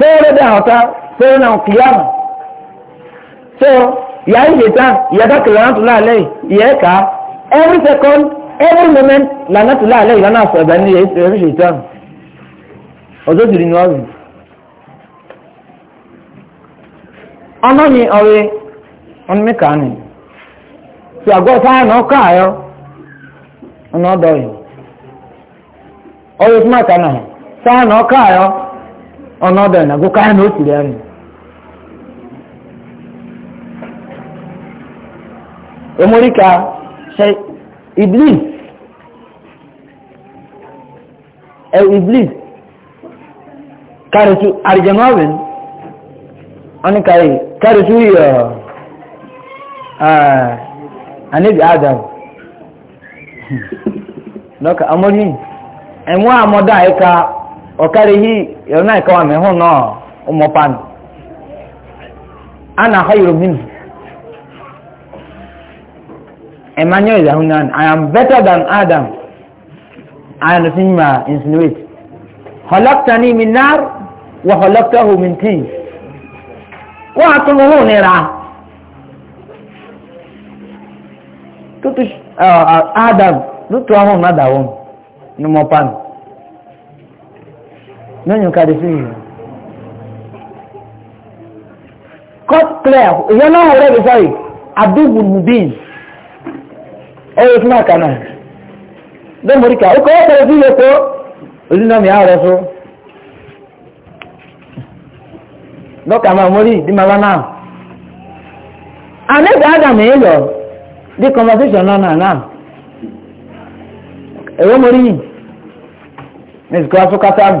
A: fẹ́ẹ́rẹ́ bí àwọn ta náà kìyàmù so ìyá ìyè ta ìyá dákìlá náà tó láàlẹ́ ìyá every second every moment lànà na láàlẹ́ ìyá náà sọ̀rọ̀ ní ìyá ìṣẹ̀lẹ̀ ìṣẹ̀lẹ̀ ìṣẹ̀lẹ̀ ọjọ́ ìṣẹ̀lẹ̀ ni na rìn. ọmọ mi ọ̀rẹ́ wọn mi kàn ní tí àgọ́ sáyà náà kọ́ àyọ́ ọ̀nà ọ̀dọ́ yìí ọ̀rẹ́ tí ọnọdụ na agụkọ ya na o anyị e e, omori ka iblis iblis karisu arjanovin wani kare karisu yiyo anabi adam lọ́kà amórí ẹ̀wọ́n àmọ́dá ẹ̀ka ọ̀kárẹ̀ yìí yẹn náà kọ́ àmì hùn náà ọmọ pan ana khayru minhu Emmanuel Zahunan I am better than Adam I am sin ma insinuate khalaqtani min nar wa khalaqtahu min tin wọ́n á tún hùn nira tutu uh, uh, Adam lótú ahùn nádàá wọn ni nyɔnu ka ɖe fi yi court clear ìyẹn náà wọlé bi sọyì abibu nubin ọyọ fún àkànnà bẹ́ẹ̀ mọ̀rí ká ọkọ̀ ọ̀sẹ̀ fi yẹ kó olùdómi àárẹ̀ so lọ́kà máa mọ̀rí ìdímọ̀lá náà àná ìgbà aga yìí lọ di conversation na náà náà ẹ̀rọ mọ̀rí yìí mẹ́sìkọ́ asọ́kátà mi.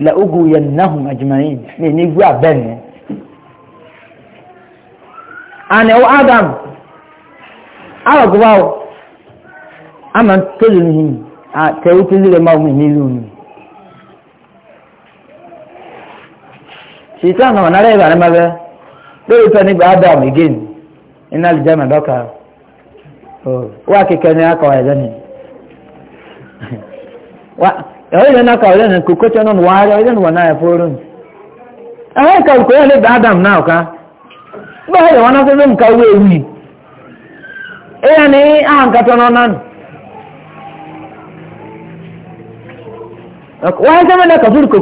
A: la ugu yannahum ajma'in mi ni gwa benne ana o adam awa gwa o ama tolu ni a te o tolu le ma o mi ni lu ni shaitan na na reba na ma be do to ni adam again ina le jama doka o wa ke kenya ka wa zani wa ẹ̀rọ náà kàwé lẹ́nu kò kọ́tẹ́ náà wà á rí ọdún wọn náà ẹ̀fọ́ rún. ẹ̀rọ kàwé kò yẹn lè dá adam náà ká bẹ́ẹ̀ lè wọn náà fẹ́ẹ́ kàwé ewì. ẹ̀yà ni wọ́n sẹ́mi náà kàfúrú kò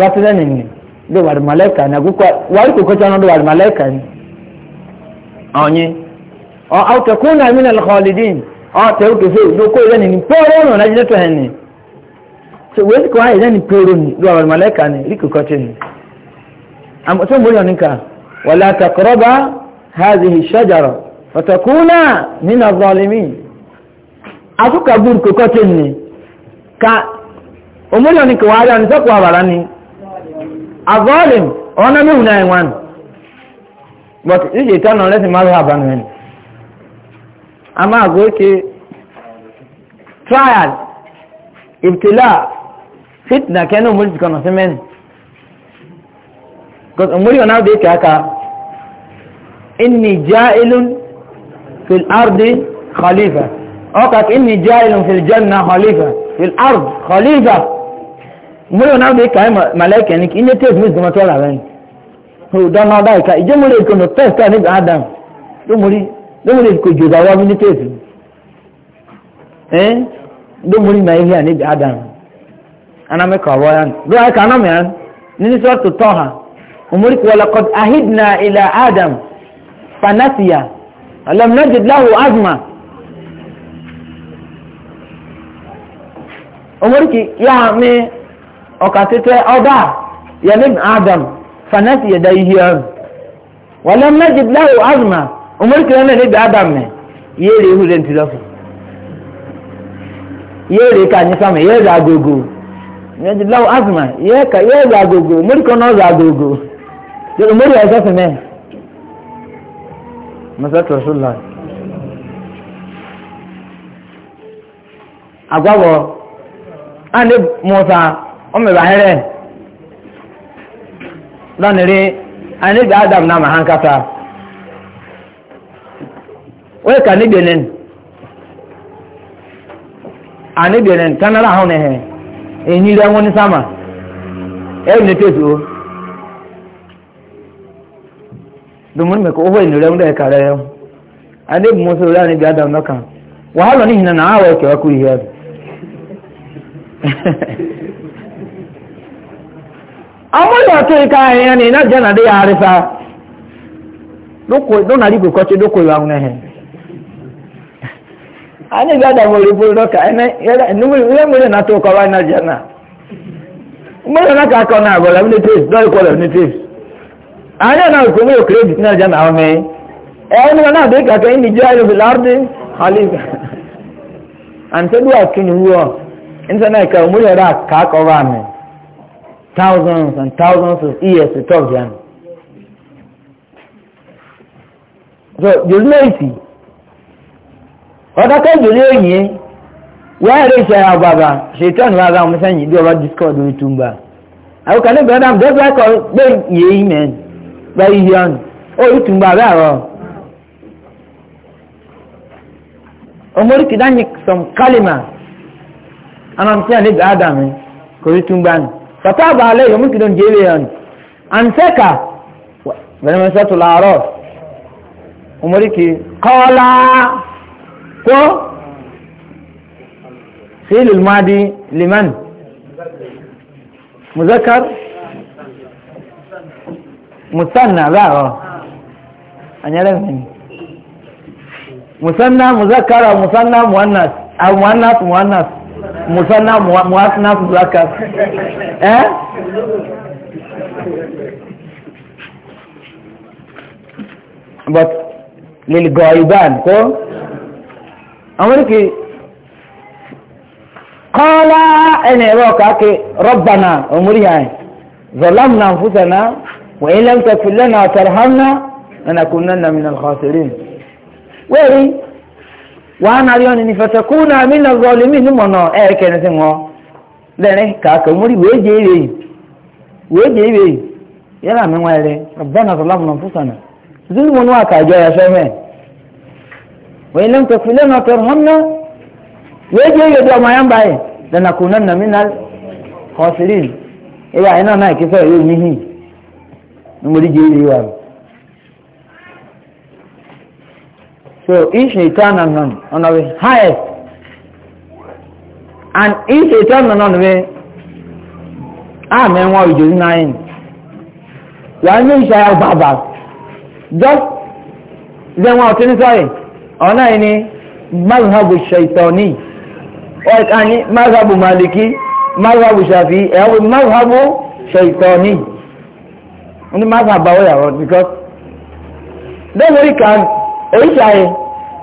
A: kọ́tẹ́ do war malaika na guko wari ko ko tano do war malaika ni onye o au takuna min al khalidin o te o ke do ko ile ni poro no na jineto hen so we ko ai ile ni poro ni do war malaika ni riko ko tin am so mo yon ka wala taqraba hadhihi shajara fatakuna min adh avọ́ọ̀lìm ọ̀nà mẹ́wùn náà wọn but ìjì ìtọ́nà lẹ́sìn máa rọ àbánu ẹni a máa gbé ké trial ìbtìlá fitna kẹ́nu òmúrí ti kọ̀nà sí mẹ́ni because òmúrí ọ̀nà òdè kàkà inni jailun fil ardi khalifa ọkà inni jailun fil janna khalifa fil ard khalifa múlò náà bí káyé màlẹ́kẹ̀ ní kí ní tèèfù mí ìgbìmọ̀ tó rà rẹ̀ ọ̀dọ́ náà báyìí ká ìjẹ́ múlò ìkọ̀nà pẹ́ẹ́sì níbi adam lómúrí lómúrí kò jòdà wá mí ní tèèfù ẹ́n lómúrí máa yẹ níbi adam anamẹ́kọ̀ ọ̀wọ́ yá ló ayé kaná mìíràn nínú sọ́ọ́ tó tọ́ ha òmúrí kò wọlé kọ́t ahidna ilà adam fanasiya alamnajidláwo azma òmúrí kì yá mi ọkatete ọda yalim adam fanati yada ihe ọnụ walam najid lahu azma umurkira na ne bi adam ne yere ihu da ntilafu yere ka anyị sama yere agogo najid lahu azma yere ka yere agogo umurkira na ọzọ agogo da umuri ọzọ fi me masat rasulullah agwagwo a ne musa ọmọ ìbáhẹ́rẹ́ lọ́nìrí anígbà adam náà máa ń kásá wọ́n kà níbi ẹ̀nẹ́n àníbi ẹ̀nẹ́n kánára ahọ́n ẹ̀hẹ́ èyí rẹ̀ wọ́n ní sáma ẹ̀rù ní tètè o domin mai kowa ne ran ya a ne mu so adam wahala n'ihi na na awa ke wa amúlò tó ika ẹ̀yàn ni iná jẹ́nà dé yàrá sa lónà rí kòkó tí lóko ìwà ńlẹ̀ hẹ̀ a ní ìgbà dàmú olùbó lọ́kà ẹ̀nẹ́ múlò náà tó kọ́wá iná jẹ́nà múlò náà kà kọ́ náà bọ̀lá ní tèèf lọ́rì kọ́ lọ́rì ní tèèf àwọn yẹn náà kò mú òkèrè jù náà jẹ́nà àwọn mẹ́rin ẹ̀ ẹ́ nígbà náà dé kàkẹ́ ìní jẹ́ àyọ̀bí lárdé halifa àǹtẹ́dúwà kí thousands and thousands of years to talk to them. So, jòlú èsì, ọ̀dọ́kẹ́ jòlú èyí, wọ́n èrè iṣẹ́ àgbàgbà ṣètọ́ ní wàhálà ọmọ sẹ́yìn bí ọba discord orí túmbà. Àwùkà ní bẹ̀rẹ̀ náà gẹ́gẹ́ like pé yé ìmẹ̀ gba iye ọ̀nà, ó rí túmbà rẹ̀ àrọ̀. Omorikidá ní some kalima, anamtí àníbi Ádámù, kò rí túmbà nù. فتاب عليه ممكن جيليا أمسك بينما سورة الأعراف أمريكي قال كو فعل الماضي لمن مذكر مثنى بقى أنا لا أفهم مثنى مذكر أو مثنى مؤنث أو مؤنث مؤنث musanna muasna mulakas eh but lil ghaiban ko amriki qala ana roka ke rabbana umriya zalamna anfusana wa in lam taghfir lana wa tarhamna lanakunanna min al khasirin wari wàhánà rí ọ̀nà ìfẹ̀tẹ̀kùn náà mí náà rọlẹ̀ mí nímọ̀nà ẹ̀ẹ́kẹ́ni sí wọn lẹ́rìn kàkà múrí wèé jẹ́ ìrè yìí wèé jẹ́ ìrè yìí yálà mi wọn ẹ̀rẹ́ ọ̀bẹ́nà sọlámù náà fúsànà títí mo ní wà kàjọ ẹ̀ wọ́n ilé ń pè fúlẹ̀ náà tẹ̀rù hàn náà wèé jẹ́ ìrè ọmọ yẹn báyìí lẹ́nà kù náà nàmí náà So each return and none on the highest. And each eternal and none way ah men what we do nine. Why me shall baba? Just then what in sorry. On any mazhab shaitani. Or any mazhab maliki, mazhab shafi, or mazhab shaitani. And the mazhab bawa because then we can oríkàyè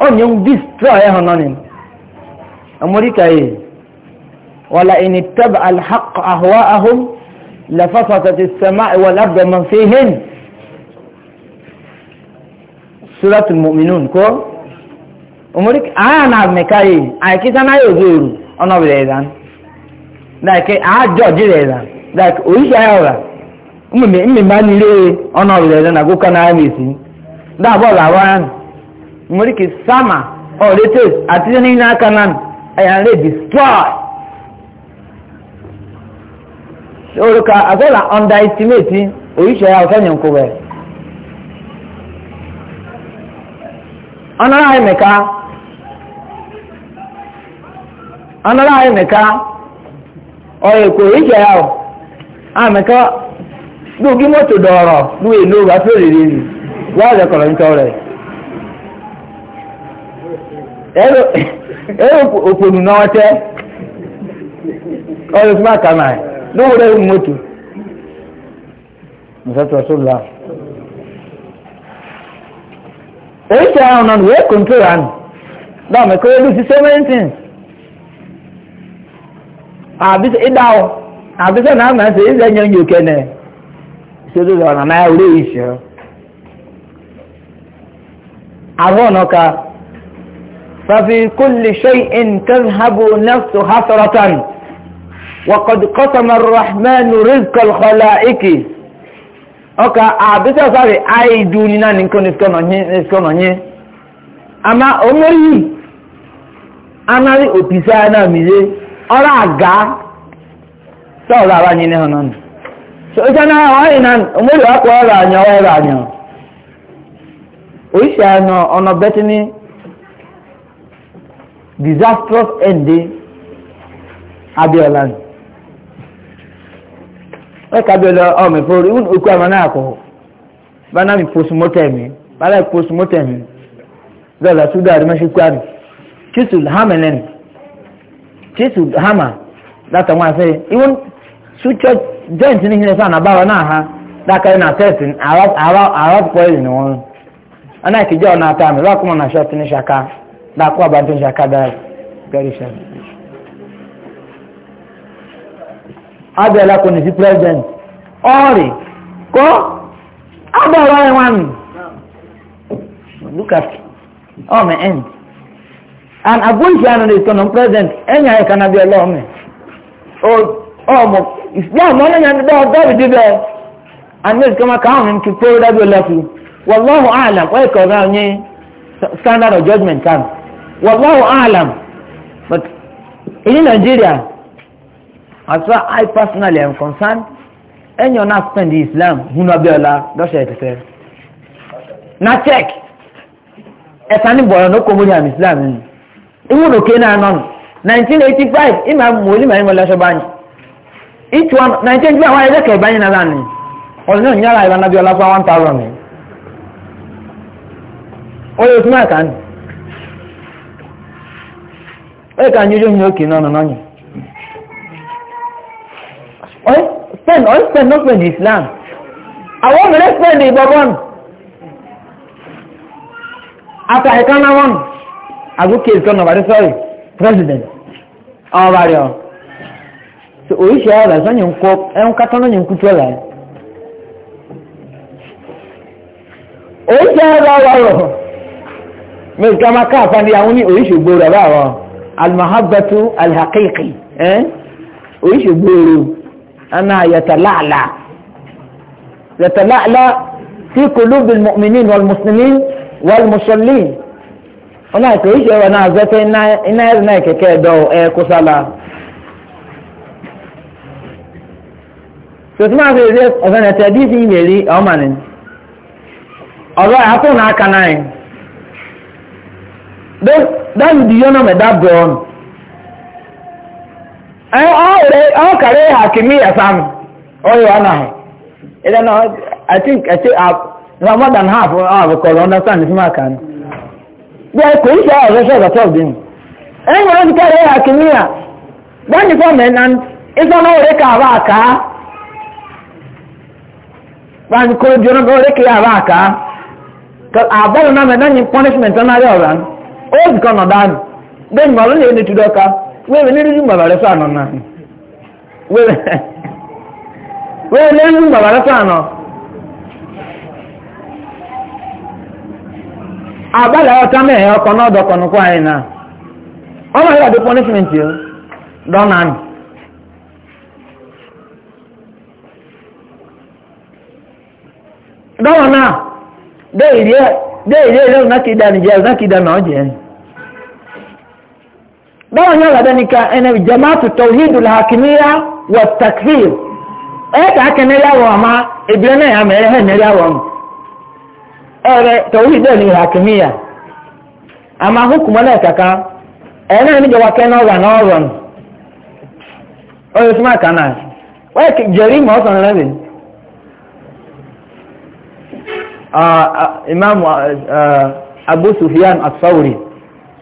A: ọ̀nyẹ́ ń destroy ẹ̀hàn náà ni ọmọríkàyè wàlá ìní tẹ́bà alhaq àhùwá ahùn lẹ́fọ́sọ̀tẹ̀tẹ̀ sẹ́mà ìwọ̀lá bẹ̀mọ̀ sí hìn suratul mu'minun ko ọmọríkà àyà náà mẹ́kàyè àìkíta náà yóò zòrò ọ̀nà bìrẹ̀ ìdán dáìkẹ́ àájọ́ jìrẹ̀ ìdán dáìkẹ́ oríkàyè ọ̀rà mmemme mmemme na nílé ọ̀nà bìrẹ̀ ìdán àgókọ̀ muriki sama or latest àti ní n'aka nan ẹ̀yàn lè destroy. Orúkọ àgbẹ̀là underestimate oríṣẹ́ àwòsànyàn kò wẹ̀. anyị meka Ọ̀nàrà àìmẹ̀ká ya èkó oríṣẹ́ àwọ̀ àmẹ̀ká gbogbo mọ́tò dọ̀ọ̀rọ̀ lóye lóògbà fèrè rèé wọ́n àjẹkọ̀rọ̀ ń ero okponu n'ọche ọrụ sị maka na n'owere moto musatu rasulullah oríṣi àwọn ọ̀nà wẹ́ẹ̀ kọ̀ǹtòrò àná báwo mẹ́kọ́ ló ti so many things àbísẹ̀ ìdáwọ̀ àbísẹ̀ náà máa ń sè é ṣe ẹ̀yàn yòókè náà ìṣòro ọ̀nà náà orí ìṣòro àwọn ọ̀nà kan. ففي كل شيء تذهب النفس حسرة وقد قسم الرحمن رزق الخلائق ọkà àbísọ̀ sáré àìdú ní náà ní nǹkan ìsìkọ́nà yẹn àmà omeri anárí òpìsá náà mìíràn ọ̀rọ̀ àgá sọ̀rọ̀ ara yìí náà náà so ìṣẹ́ náà wáyé náà omeri ọkọ̀ ọ̀rọ̀ àyàn ọ̀rọ̀ àyàn oríṣi àyàn ọ̀nà bẹ́tí ní disastrous ending abiola ẹka abiola ọmọ ìfowórí ìwọ̀n òkú àmà náà kọ̀ báná mi postmortem mi báná mi postmortem mi zọlá sudan adimasi kwari chisul hamelin chisul hama dátà wọn àfẹ ìwọ̀n suture joint ní hinẹ sáà nàbàwà náà ha dákàrí náà tẹ́sì àrọ́ pọ́ìlì ni na ọ̀nà ìkìjọ́ ọ̀nà àtàmì lọ́kùnrin náà na ní ṣaka. na kuwa bandesha kadhaa garisha adala kuni ní sí president ọ̀rẹ́ kọ́ adala ẹ̀wọ̀n look at oh my end and abuja anu dey turn on president ẹ̀yà ẹ̀ka náà bí Oh ọmọ islam wọn lẹ́yìn àti dọ́ọ̀ dọ́ọ̀bì dídẹ́ anil kama káwọn ní kí pé ó dábí ọlọ́fi wọ́n lọ́hùn àlà wọ́n ẹ̀kọ́ náà ní standard of judgment time wallahu alam but in nigeria as far i personally am concerned any of spend islam hunu abiola lọ́sẹ̀ ẹ̀tẹ̀tẹ̀ na check ẹ̀sán ní bọ̀rọ̀ lóko mórí àmì islam ni ìwúlò ké náà nọ́nù 1985 ìmà mòlí màá ìmọ̀ lọ́sọ̀ báyìí each one nineteen 1985 wáyé lẹ́kẹ̀ẹ́ báyìí náà lánìí ọ̀rọ̀ náà nyára ìlànà abiola fún 1000 ni ó yẹ fún àkànnì e ka nyiri onye oke n'ọnụ n'ọnyị spend on spen no spen islam na mẹrẹ spend ìgbọgbọn àtàkà na wọn àgùkè ìtọ́nà bàdé sọ́ọ̀rì president ọmọ bàdé ọ so oríṣi ọ̀rọ̀ ẹ̀sán yìí ń kọ́ ẹ̀hún kátánà yìí ń kú tọ́lá ẹ̀ oríṣi ọ̀rọ̀ ọ̀rọ̀ mẹ́ta máa káàfà ní àwọn المحبة الحقيقي إيه؟ وإيش يقولوا أنا يتلعلع يتلعلع في قلوب المؤمنين والمسلمين والمصلين أنا كويس وأنا زت إن إن إنا كيدو إيه، كسالة sosima fi ṣe ọ̀sán ẹ̀tẹ̀ díìsì ìmẹ̀lì ọmọ ni ọ̀rọ̀ àpò náà kanáà dáhùdì yóò náà mẹ́dá bọ̀ ọ́nù ọ kàrẹ́ hakimi yasam ọyọ ọ̀nà ẹ̀dẹ̀ náà i think ẹ̀ ṣe uh, more than half of kọ̀ understand fún àkà ni bí ẹ kò ń ṣe ọ̀rẹ́ ṣe ọ̀tọ̀ bí mi ẹ̀ ń wọ́n kàrẹ́ hakimi yà dáhùdì ọ̀rẹ́ kà bá kà á báyìí ọ̀rẹ́ àbọ̀lù náà ní punishment ozi ka nọ daanị deni ma ọlụnye ndị tụrụ ọka wee n'eriri mgbabara sọ anọ na wee n'eriri mgbabara sọ anọ agbalị ọta mee ọkọ n'ọdọkọ n'ụkwụ anyị na ọ naghị adị punishment yo dọnan dọnan a dee irie dee dee dee nakida ni jaz nakida na oje dawa nyala danika ene jamaatu tauhidul hakimia wa takfir eta akene yawo ama ibirana ya mere he ne yawo ere tauhidul ni hakimia ama hukumu na kaka ene ni jawa kena wa na oron oyo Uh, uh, Imamu uh, abu sufyan as-sauri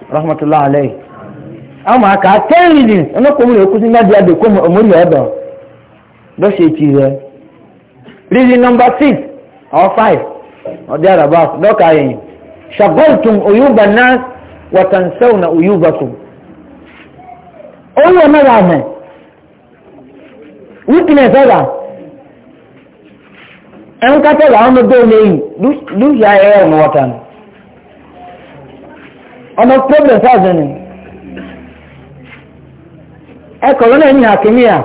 A: rahmatullah alayhi ama ka ko omori do se ti re reason number 6 or 5 do ka yin uyuba nas wa tansawna uyubakum na me weakness ẹn kátẹ́ wà ọmọ bẹ́ẹ̀ lẹ́yìn lúṣà ẹ̀ ọ̀nà wọ́ta ni ọmọ problem sáàzẹ̀ ni ẹ kọ̀rọ̀ náà ní àkíníyà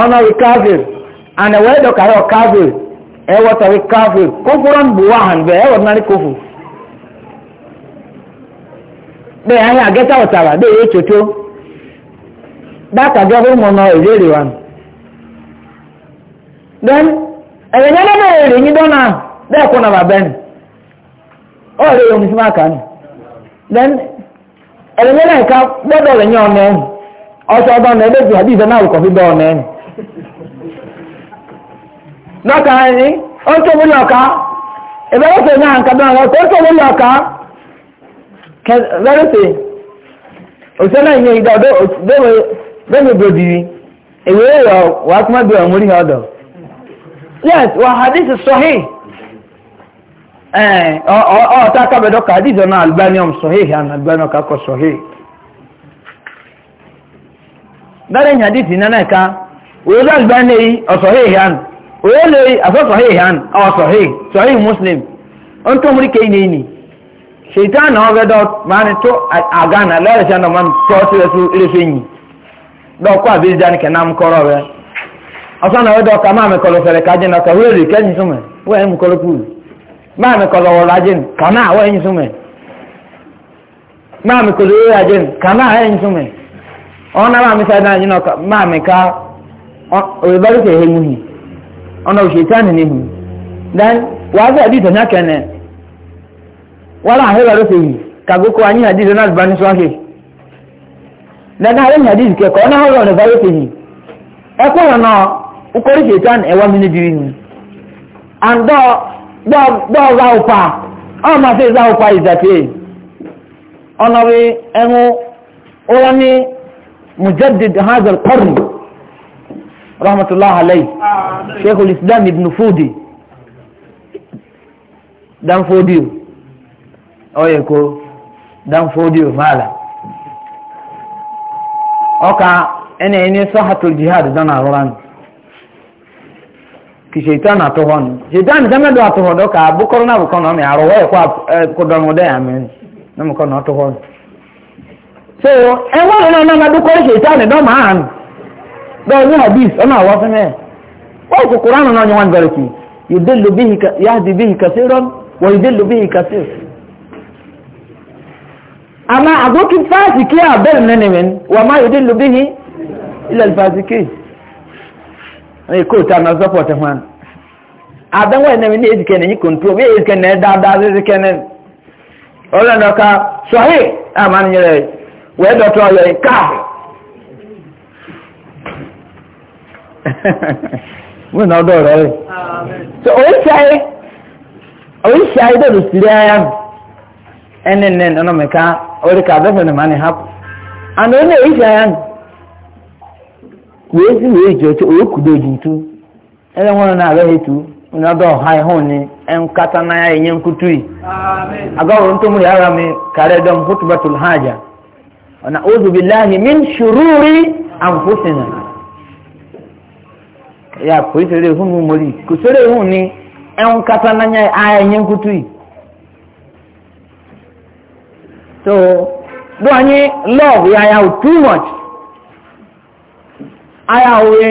A: ọ̀nà recovery and ẹ̀wọ̀ ẹ̀dọ̀kàrọ̀ recovery ẹ̀wọ̀ta recovery kófúrọ̀ ń bù wá hàn bẹ́ẹ̀ ẹ̀wọ̀ náà ní kófù bẹ́ẹ̀ ayé àgẹ́ta ọ̀tàrà bẹ́ẹ̀ yóò tótó dákàgẹ́ ọmọ náà ìrẹ́rẹ́ wa ẹ̀yẹ̀ nyẹ́lẹ́ náà èrè yín dọ́nà na nà bàbẹ́ rẹ̀ yóò mùsùlùmá kà ní ẹ̀yẹ̀ nyẹ́lẹ́ ẹ̀ka gbọ́dọ̀ rẹ̀ yín ọ̀nà ẹ̀hìn ọ̀sọ̀ ọ̀dọ̀ ọ̀nà ẹ̀dẹ́gbẹ̀ àbí ìfẹ́ náà wò kọ̀fí bẹ́ ọ̀nà mú yes wa hadith sahih eh o ta ka be do ka hadith na albanium sahih an albanium ka ko sahih dare nya hadith na na ka we do albani o sahih an we le aso sahih an o sahih sahih muslim on to muri ke ni ni shaitan o be do man to agana la re sha no man to to su ile se ni do ko abi dan ke nam koro ọsọ na wedo ọka maa mekọlọ fere ka jin ọka weri ka enyi sume wee mu kọlọ puru maa mekọlọ wọra jin ka naa wee enyi sume maa mekọlọ wera jin ka naa enyi sume ọna maa mesa na jin ọka maa wàá fẹ́ wọ́n náà náà ukori shetan ewa mini diwini and do do do za upa o ma se za upa is that eh ona we enu o ni mujaddid hadha al-qarn rahmatullah alayh shaykh al-islam ibn fudi dan fudi oye ko dan fudi mala oka ene ene sahatul jihad dana rolan kì ṣètàn àtọwọ́ ni ṣètàn sẹ́mẹ́dọ̀ àtọwọ́ dọ́kà bukọ́rọ́ náà bukọ́ náà mi àrọ̀wọ́ ẹ̀kọ́ kọ́dọ̀mọdé àmì náà bukọ́ náà tọwọ́ ni. ṣé o ẹ wọ́n lọ náà máa dúkọ́ ṣètàn dọ́mà án bẹ́ẹ̀ ní hadith ọ̀nà àwọ̀ fún mẹ́ wọ́n kò kúránù náà ni wọ́n bẹ̀rẹ̀ kì yàdì bíi kàṣírọ́n wọ́n ìdílù bíi kàṣír. àmà àgókì fásitì kí àbẹ̀rẹ̀ nẹ́nìmẹ́ni wọ́n má ìdílù bíi ilẹ̀ fásitì onye kootu na-azọpọt ha ada nwaanyị na na ezike na enyi kontrol ya ezike na ede ada ezike na ọrịa na ama nyere wee dọta ọya nke ahụ na ọdọ ọrọ rẹ so oríṣiríṣi oríṣiríṣi dọdọ siri aya ẹni nẹ ọnà mẹka oríkà abẹfẹ ni màá ni hapụ àná ó o oríṣiríṣi aya wee si wee ji oche wee kudo ji ntu ele nwana na agaghị etu onye ọdọ ọha ịhụ ni nkata na ya enye nkutu yi agawụrụ ntụ mụ ya agha m karịa dọm hutubatul haja ọna ozu bilahi min shururi anfusina ya kò ìṣeré ìhùn ní mọ̀rí kò ṣeré ìhùn ní na ya agha enye nkutu yi so do anyị love ya ya too much ayawe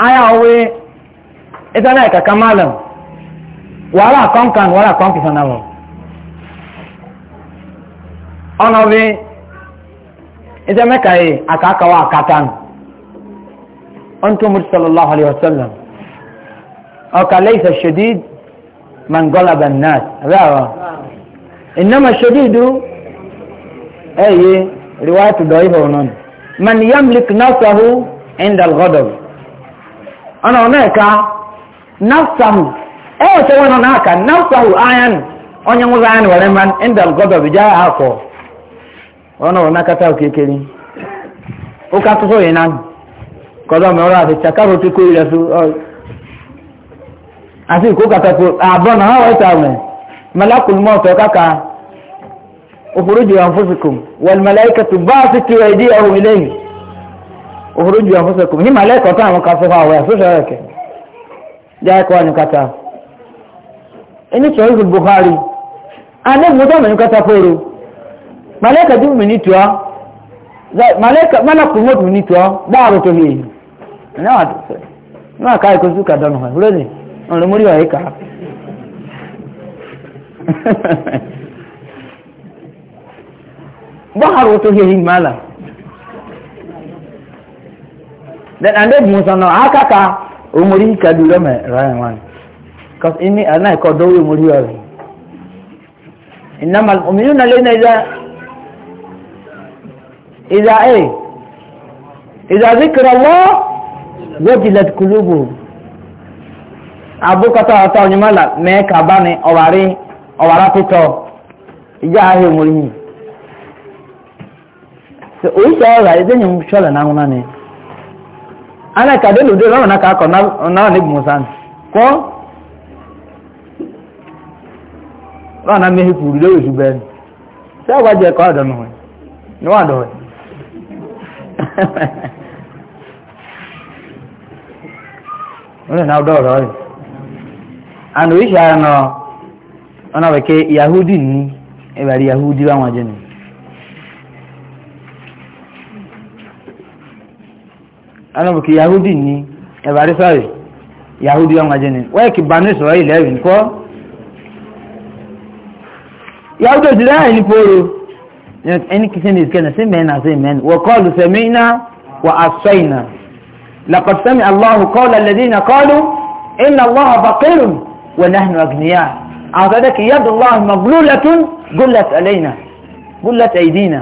A: ayawe ita na ikaka malam wàhálà kọ́ńkan wàhálà kọ́ńkì sanabọ̀ ọ̀nà bí ita mẹ́ka yìí àkàkàwà àkàtàn ọ̀ntún mùsùlùmí sallallahu alayhi wa sallam ọ̀kà lẹ́yìn ṣẹ̀díd mangola bannat rẹ̀ ọ̀ ìnáma ṣẹ̀dídú ẹ̀yẹ riwayatu dɔyi hɔ nɔn man yamlik nafsahu indal gɔdɔb ɔnà ɔnà ɛka nafsahu ɛyɛ sɛ wɔn nana aka nafsahu ayan ɔnyɛ ŋun ayan wɔrɛ man indal gɔdɔb gya akɔ ɔnà ɔnà kata okekele ɔka soso yìí nan kɔdɔ mɛ ɔrɔ àti tsakaro ti kó yìí so ɔ àti ìkó katakó àbọ̀ nà ɔwọ́ ɛsɛ awɛ malakul mɔtɔ kaka. اخرجوا انفسكم والملائكه باسطوا ايديهم اليه اخرجوا انفسكم هي ملائكه تاع مكافها ويا سوشارك جاء كوان كتا اني صحيح البخاري انا متى من كتا فورو ملائكه دي منيتوا ملائكه ملك موت منيتوا دارو تو هي نعم ما كاي كوزوكا دانو هولني انا مريو هيك bahar wato hehin mala dan ande musa na haka ka umuri ka dura mai rayan wani kas inni ana ko do umuri wa innama almu'minuna lana idza idza eh? ay idza zikra allah wajilat qulubuhum abukata ata onyimala me ka bani owari owara pito ija ahe eh, umuri oríṣi na ayé na ṣọ́lẹ̀ na náà ni ana kàdé lòdì lọ́rọ̀ náà kàkọ̀ náà na gbùnsán kọ́ lọ́rọ̀ náà méjì kùrù lórí ìṣù bẹ́ẹ̀ ṣé ọgbà N'ụwa ẹ̀kọ́ àdánù rẹ̀ níwọ̀n àdọ̀ rẹ̀ lórí ọrụ. ọdọ̀ ọ̀rọ̀ rẹ̀ and oríṣi ara náà ọ̀nà wẹ̀kẹ́ yahudi ní ẹ̀bàrí yahudi báwọn jẹ́ anabiki yahudi ni ẹbàrí sọ́rì yahudi ọmọ jẹ́ ni wọ́n kì banu sọ̀rọ̀ ilẹ̀ ẹ̀rìn kọ́ yahudi ti dáhà ní poro ẹni kìsìn ní ìsìkẹ́ sí mẹ́nà sí mẹ́nà wọ́n kọ́ọ̀lù sẹ̀mínà wọ́n asọ́ìnà lakọ̀sẹ́mi aláhù kọ́ọ̀lù alẹ́dínà kọ́ọ̀lù iná aláhù bakẹ́rù wọ́n náà agniya àwọn sọ́dẹ́ kì yàdù aláhù maglúlẹ̀tún gúlẹ̀t alẹ́yìnà gúlẹ̀t aidina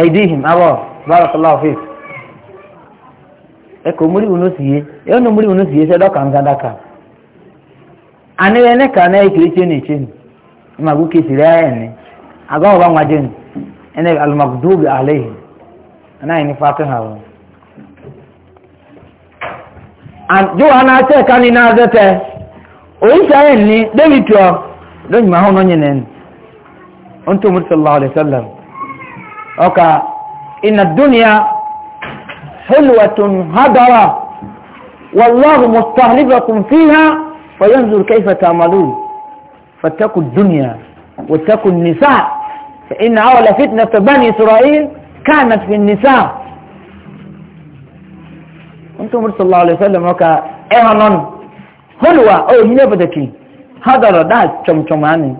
A: aidihim abọ́ barakallahu fiik ẹkọ múrí wọn sì yé ẹnu múrí wọn sì yé sẹ dọkà nsàdàkà àníwẹ nẹka náà ekiri tse ní tse ní màgó kesi rẹ ayẹ ní agbáwọ bá wọn jẹ ní ẹnẹ alumakudubi alẹ yìí ẹnna yìí ní fàákì hà wọn. àjọ àná tẹ ká ní náà zẹtẹ oríṣi ayẹ ní débi tuọ lóyún máa hàn ọ́nyẹ nẹ́ni ọ̀ntọ́ mùsùlùmí sọ̀rọ̀ ọ̀lẹ́sọ̀lẹ̀ ọ̀ka ìnà dúnìá. حلوة هدرة والله مستهلفكم فيها فينظر كيف تعملون فاتقوا الدنيا واتقوا النساء فإن أول فتنة بني إسرائيل كانت في النساء أنتم رسول الله عليه وسلم وكا إهانون حلوة أو نبدكي إيه؟ هدرة ده شمشماني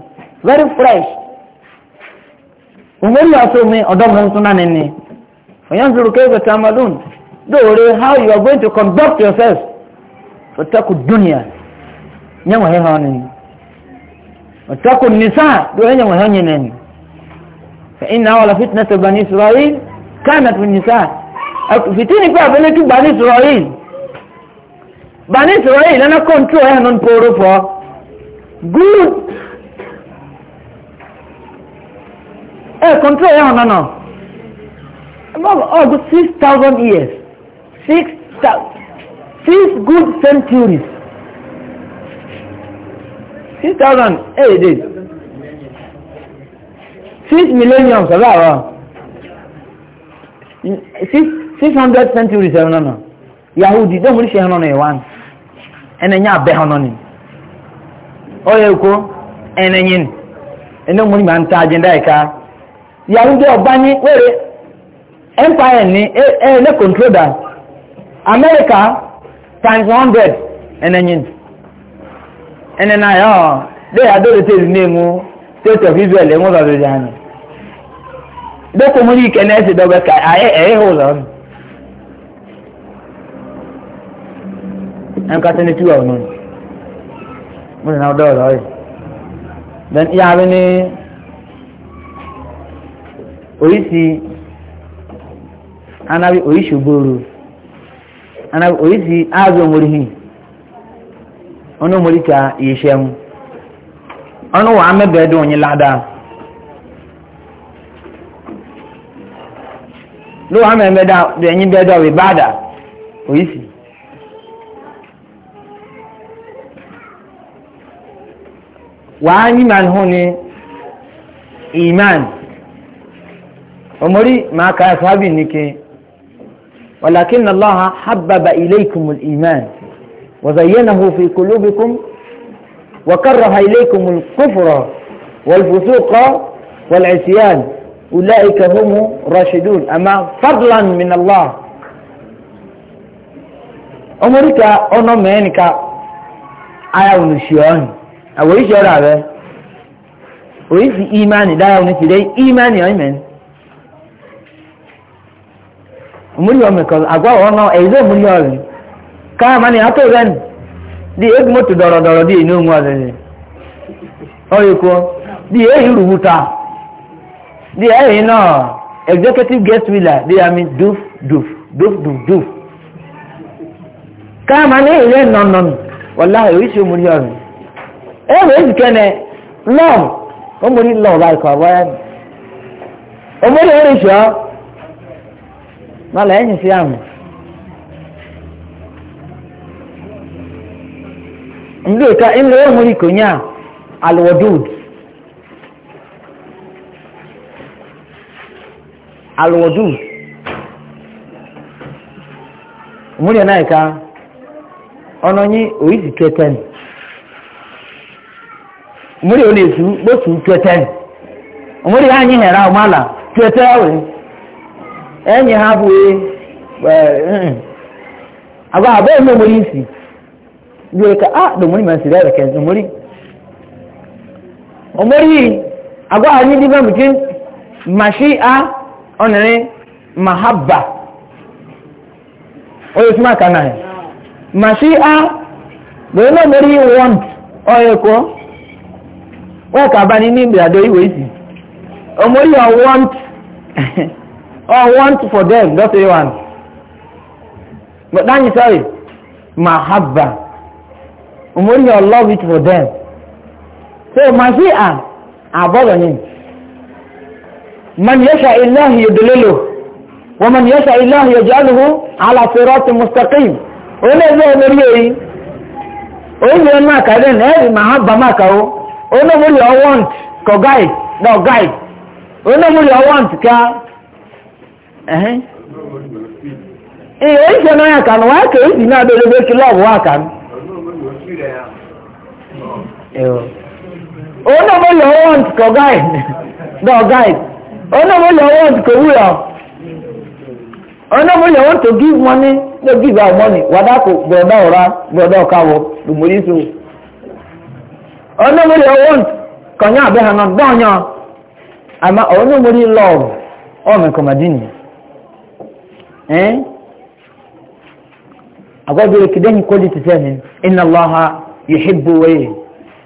A: very fresh ومن يأسومي أدام هنسونا نيني وينظر كيف تعملون دوري how you are going to conduct yourself واتقوا الدنيا نعم هي هانين واتقوا النساء دوري نعم هانين فإن أول فتنة بني إسرائيل كانت في النساء فتنة بقى بنت بني إسرائيل بني إسرائيل أنا كنت وهي نون بوروفا good eh control ya no no Oh, good 6,000 years. 6, six good centuries. 6,000, hey, 6 millenniums, about six, 600 centuries, eh, no, no. Yahudi, don't really share on one. And then you have Behanoni. Oh, you go. And then eh, you. And then Yahudi, oh, empire ni e control that america times hundred ẹnẹyin ẹnẹna yẹ ọ de ya dole tey ne state of israel ẹ ń wọ́n sọ̀rọ̀ yẹn dẹ́kun mu ní ìkẹ́ni ẹ̀sìn dọ́gbẹ́ ká aye ẹ̀yẹ́ hó lọ́nù ẹ̀ka tẹ́ ní tíwà mo then Anabii ọ isi oboro ọ isi aza ọmụrụ hi ọnụ mụrụ taa ịhwọanwụ ọrụ waa mụbaa dọọ onye laada n'ụwa ma eme daa benyin bee daa wee baa daa ọrụ isi waa ndị iman hụ na iman omori ma aka ọsọ ha nike ولكن الله حبب إليكم الإيمان وزينه في قلوبكم وكره إليكم الكفر والفسوق والعصيان أولئك هم راشدون أما فضلا من الله أمريكا أنا مينكا أنا أنا أنا أنا أنا أنا لا أنا أنا أنا muri ome ko agwa ono ezo muri ore ka mani ato ren di egmo to doro doro di inu nwa ze oyiko di e yurubuta di e ino executive guest wheeler di ami duf duf duf duf duf ka mani ile non non wallahi wi so muri ore e we zikene love o muri love like wa wa o muri ore na la enyi ndị ndio ka imle yo muri konya alwadud alwadud muri na ka ononyi oyizi tweten muri onesu bosu tweten muri anyi hera mala tweten enyi ha bụ e, e, e, agba abụọ eme omori isi yóò ka ah domori ma sira rẹ̀ kẹ́ domori omori agwa anyị dị bẹ́ẹ̀ bìtí mashi a ọ̀nìrin mahabba oye suma kana ya mashi a bẹ́ẹ̀ na omori want ọ̀yẹ̀ kọ́ wọ́n ka bá ní ní ìgbìyàdó isi omori ọ want or oh, want for them just say one but then you sorry mahabba umuri your love it for them so mashia abọ́dọ̀ ni man yasha ilahi yudlilu wa man yasha ilahi yaj'aluhu ala siratin mustaqim ole zo mori yi o ni ma ka den e mahabba ma ka o ono mori o want ko guide no guide ono mori o want ka ee oge na ka na ka na adọ ebe kilo m. onye ọmọ yọ ntụkọ gaịd dọ onye ọmọ yọ ntụkọ wụyọ onye ọmọ yọ ntụkọ give money no give out money wadakụ brọda ụra brọda onye ntụkọ nye abịa ha nọ ama onye إيه؟ أقول لك ده كل تزامن إن الله يحب وين إيه؟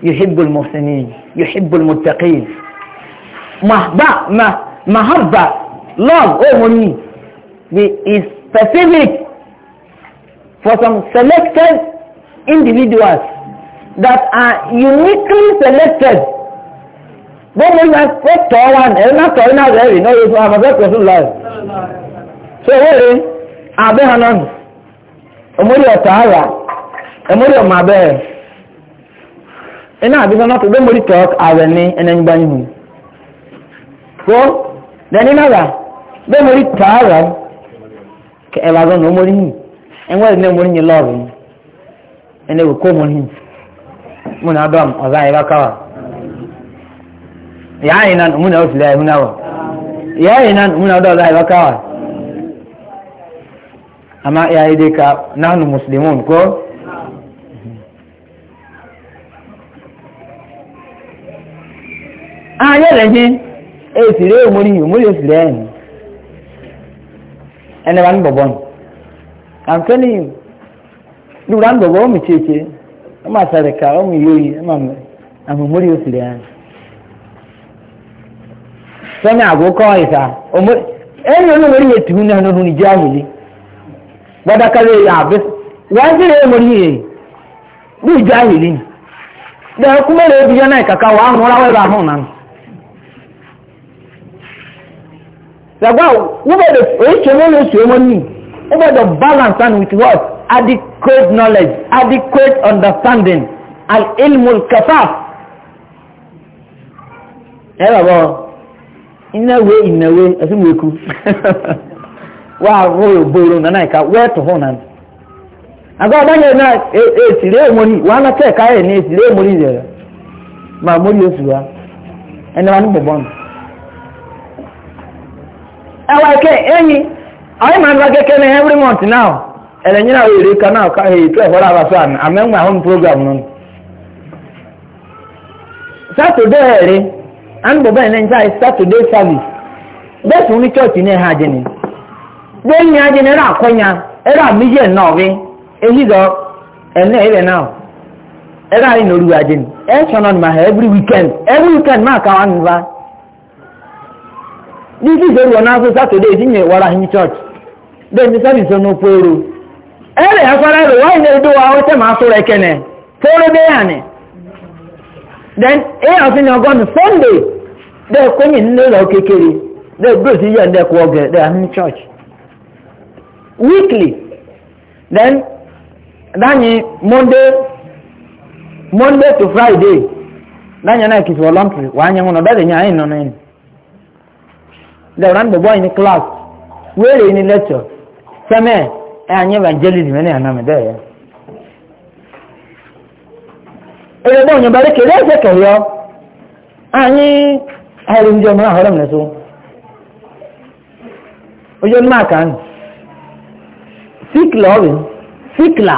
A: يحب المحسنين يحب المتقين محبة با ما ما هبا لاف او هوني سبيسيفيك فور سم سيلكتد individuals that are uniquely selected بابا ما فتوان انا كان انا ري نو يو هاف ا بيرسون لايف sowore abe ha nọ nụ omori ọtọ agha omori ọmọ bee ị na-adịghị n'ọtọ ebe mori tọọ abẹ ni ẹnanyigba ihu kwuo dani n'agha ebe mori tọọ agha ka ẹ bazọ na omori hụ enwere na omori nye lọọbụ ẹnna ewu kọ omori hụ mụ na adọm ọzọ anyị bakawa yaa anyị na ụmụ na ofili anyị hụ na wa yaa anyị na ụmụ na ọdọ ọzọ anyị bakawa. amma yayi dai ka nahnu muslimun ko anya ah, lehi esire omori omori esire eni ene ban bobon i'm telling you lu ran bobo mi cheche ama sare ka o mi yoyi ama am omori esire eni sami ago ko isa omori eni omori yetu na no ni jamili gbadakari ya abis wọ́n sì rẹ̀ mọ̀rí yìí bí ìjà ìlú dẹ̀ kúmẹ̀rẹ̀ ibi yẹn náà kàkà wà áhùn ráwẹ̀ bá hùn náà ṣàgbà wúbẹ̀dẹ̀ èyí ṣe balance and with what adequate knowledge adequate understanding and ilmul kafa ẹ bàbá mú wa royo boro na naika wetu honan aga banye na e e sire omori wa na te ka e ni sire omori ma mori osuwa ene wa ni bobon awa ke enyi ai ma wa keke na every month now ele nyina were ka now ka he to e hora ba so an home program no saturday ere an bobon ene nja saturday service bẹ́ẹ̀ tún ní church ní then ya je nera akonya era mije na obi ehizo ene ere now era ni noru ajin e every weekend every weekend ma ka wan this is the one after saturday dinye wara hin church then the service no poro ere afara ro why ne do wa o te ma so be ya ni then e sunday de ko ni nlo kekere de bro si ya oge de church weekly then danyi monday monday to friday danyi na kisi voluntary wa anya nwụna dada nye anyị nọ n'enyi dawra ndị bọyị ni class were ni lecture seme anyị evangelism ene ya na mede ya ele bọ onye bare kere ese kere anyị ahịrị ndị ọmụrụ ahụrụ m n'eso ojo mma ka sikla ọ̀rẹ́ sikla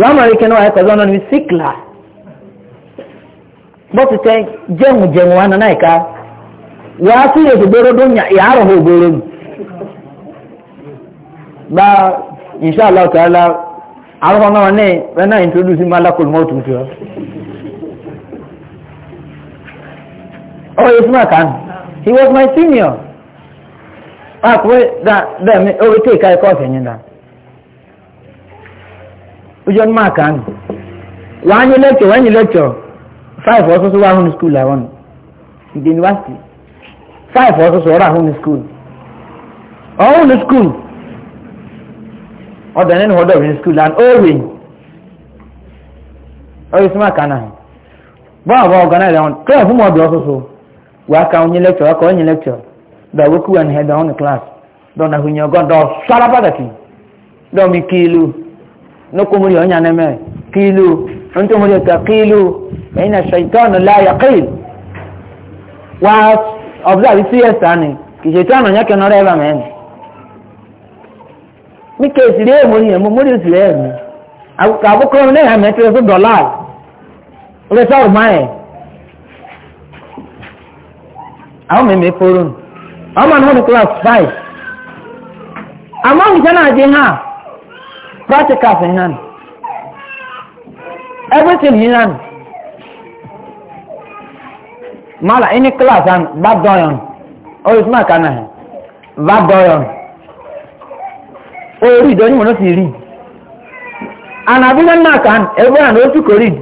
A: wọ́n máa rí kí wọ́n ẹ̀kọ́ lọ́nà ní sikla bó ti tẹ́ jẹun jẹun wa nana ìka wọ́n á sí èdè gbóró tó yàrá hó gbóró mi bá inṣàlá ọ̀tàlá àwọn ọmọ wọn náà wọn náà introduce mi alákòlùmọ́ òtútù ọ. Oh, it's my àkànnì he was my senior. Ah, wait, that, that, oh, take a him you know ojú ọdún máa kàánù wàá ní lẹ́kọ̀ọ́ wàá ní lẹ́kọ̀ọ́ five ọ̀sọ̀ sọ wà hún skul àwọn nù ìdè yunifásitì five ọ̀sọ̀ sọ ọ̀rọ̀ àhún skul ọ̀hún ní skul ọ̀dọ̀ nínú ọ̀dọ̀ ní skul and owen ọ̀yẹ́ sọ máa kàánù àhún bọ́ọ̀ bọ́ ọ̀gá náà lẹ́wọ̀n kílọ̀ fún ọ̀dọ̀ ọ̀sọ̀ sọ wàá ka onye lẹ́kọ̀ọ́ ọkọ̀ onye lẹ́kọ̀ọ́ dọ̀ wọ́kú wà ní ẹ̀dọ̀ ọ̀hún ní kílàsì dọ̀ nà nukumuri onya na kilu ntu muri ta ina shaitan la yaqil wa observe si esani ki shaitan onya ke nore men mi ke muri mo muri si le mi abu ka ko ne ha me so dollar le so mai àwọn mi me forun àwọn na class 5 among jana je ha practicals in hand everything in hand mala any class and bad doyon or oh, is mark and bad doyon or oh, read only one of you read and I've been mark and everyone knows you could read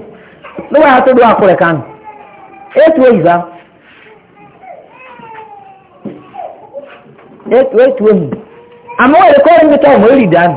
A: no way how to do a correct hand eight ways huh? eight ways to him I'm already calling the time done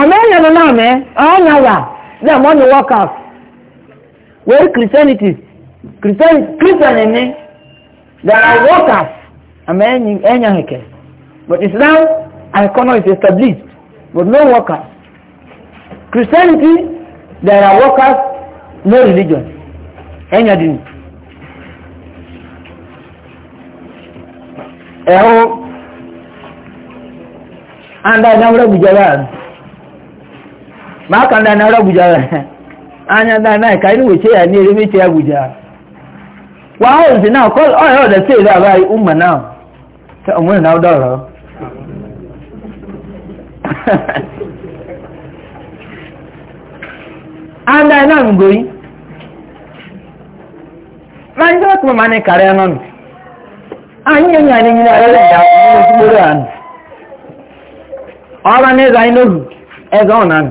A: àmọ́ ẹ̀yàn ló náà mẹ́ ọ̀ọ́nà wà them on the workers wey christianity christian christian ni eh, there are workers àmọ́ ẹ̀yàn hẹ̀kẹ́ but islam economy is established but no workers christianity there are workers no religion ẹ̀yàn dì ní. ẹ̀hó anda ìnáwó rẹ̀ ma aka ndị anara abuja anya ndị anaghị ka anyị weche ya n'ere meche ya abuja wa ahụ nzi na kọl ọya ebe steeti abaghị ụmụ na ọmụrụ na ọdọrọ ha ha know i'm ma ndị ọkụ ma anyị karịa n'ọnụ anyị enyi anyị nyere arịrị ya n'okpuru anyị ọ bụ na eze anyị n'ohu eze ọ na anụ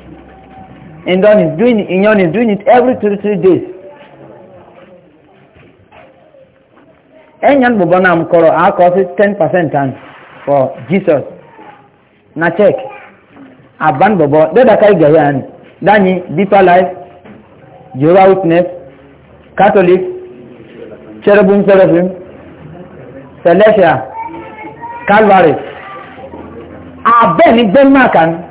A: Indan is doing it, Inyan is doing it every two three days. Enyan Bubonam Koro, our cost is 10% and for Jesus. Na check. Aban Bobo, Deda Kai Gayan, Dani, Deeper Life, Jehovah Witness, Catholic, Cherubim Seraphim, Celestia, Calvary. Aben ni Denmark and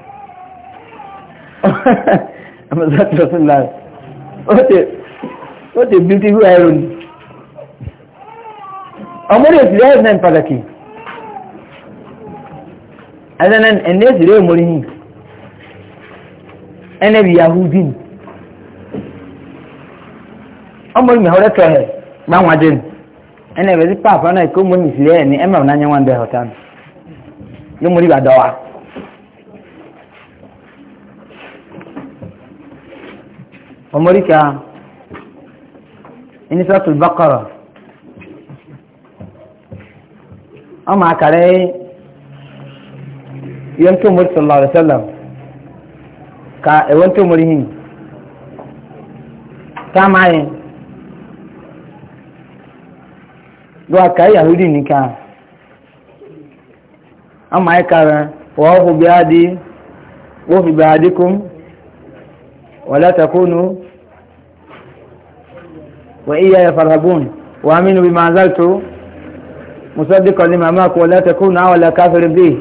A: àmọ́ sọ́tì ọ̀sùn láàrín ó ti bí tíwú ẹ̀rọ ni ọmọdé òsìrí ẹ̀rọ náà pàtàkì ẹ̀rọ ẹ̀ndé òsìrí òmòrí yìí ẹnẹ́bì yahudin ọmọdé mẹ́họ́rẹ́ tọ́hẹ̀ gbáwájẹ́ ẹnẹ́bì sí pàápàá náà kó mọ́ ìsìrí ẹ̀ ní ẹ̀mọ̀ náà nyẹ́wọ́n bẹ̀ họ̀tán ló mọ́ ìbàdọ́wà ومريكا إن سورة البقرة أما كاري ينتو مري صلى الله عليه وسلم كا ينتو مريهن كامعين دوا كاي يهودي نكا أما كاري وهو بيادي وهو بياديكم ولا تكونوا وإياي فارهبون وآمنوا بما أنزلت مصدقا لما معكم ولا تكونوا أولى كافر به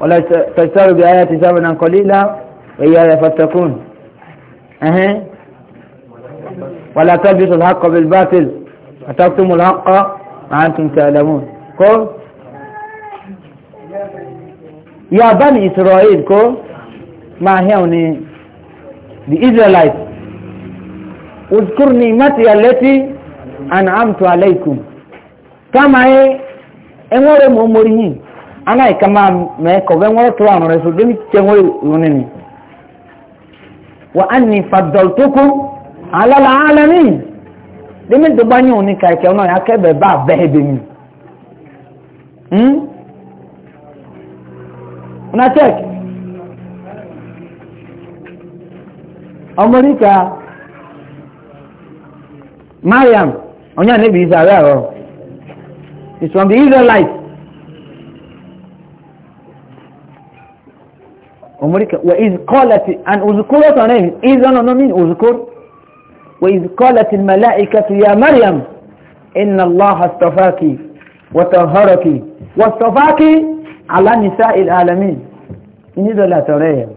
A: ولا تشتروا بآياتي ثمنا قليلا وإياي فاتقون أها ولا تلبسوا الحق بالباطل وتكتموا الحق وأنتم تعلمون كو يا بني إسرائيل كو ما هي the Israelites اذكر نعمتي التي أنعمت عليكم كما هي enwere m omori yin anaghị kama mee ka ọ bụ enwere tụrụ anụ nwere onye ni wa anni fadaltukum ala alamin dị mi dụgbanye onye ka ike ọnụ ya ka ebe ba abịa ebe mi na check ọmọríkà mariam onye anabi isa abịa ahụ is from the israelite ọmọríkà wa is kọlati and uzukuro tọ name isa nọ nomin uzukuro wa is kọlati malaikatu ya mariam inna allah astafaki wa taharaki wa astafaki ala nisa il alamin in yẹn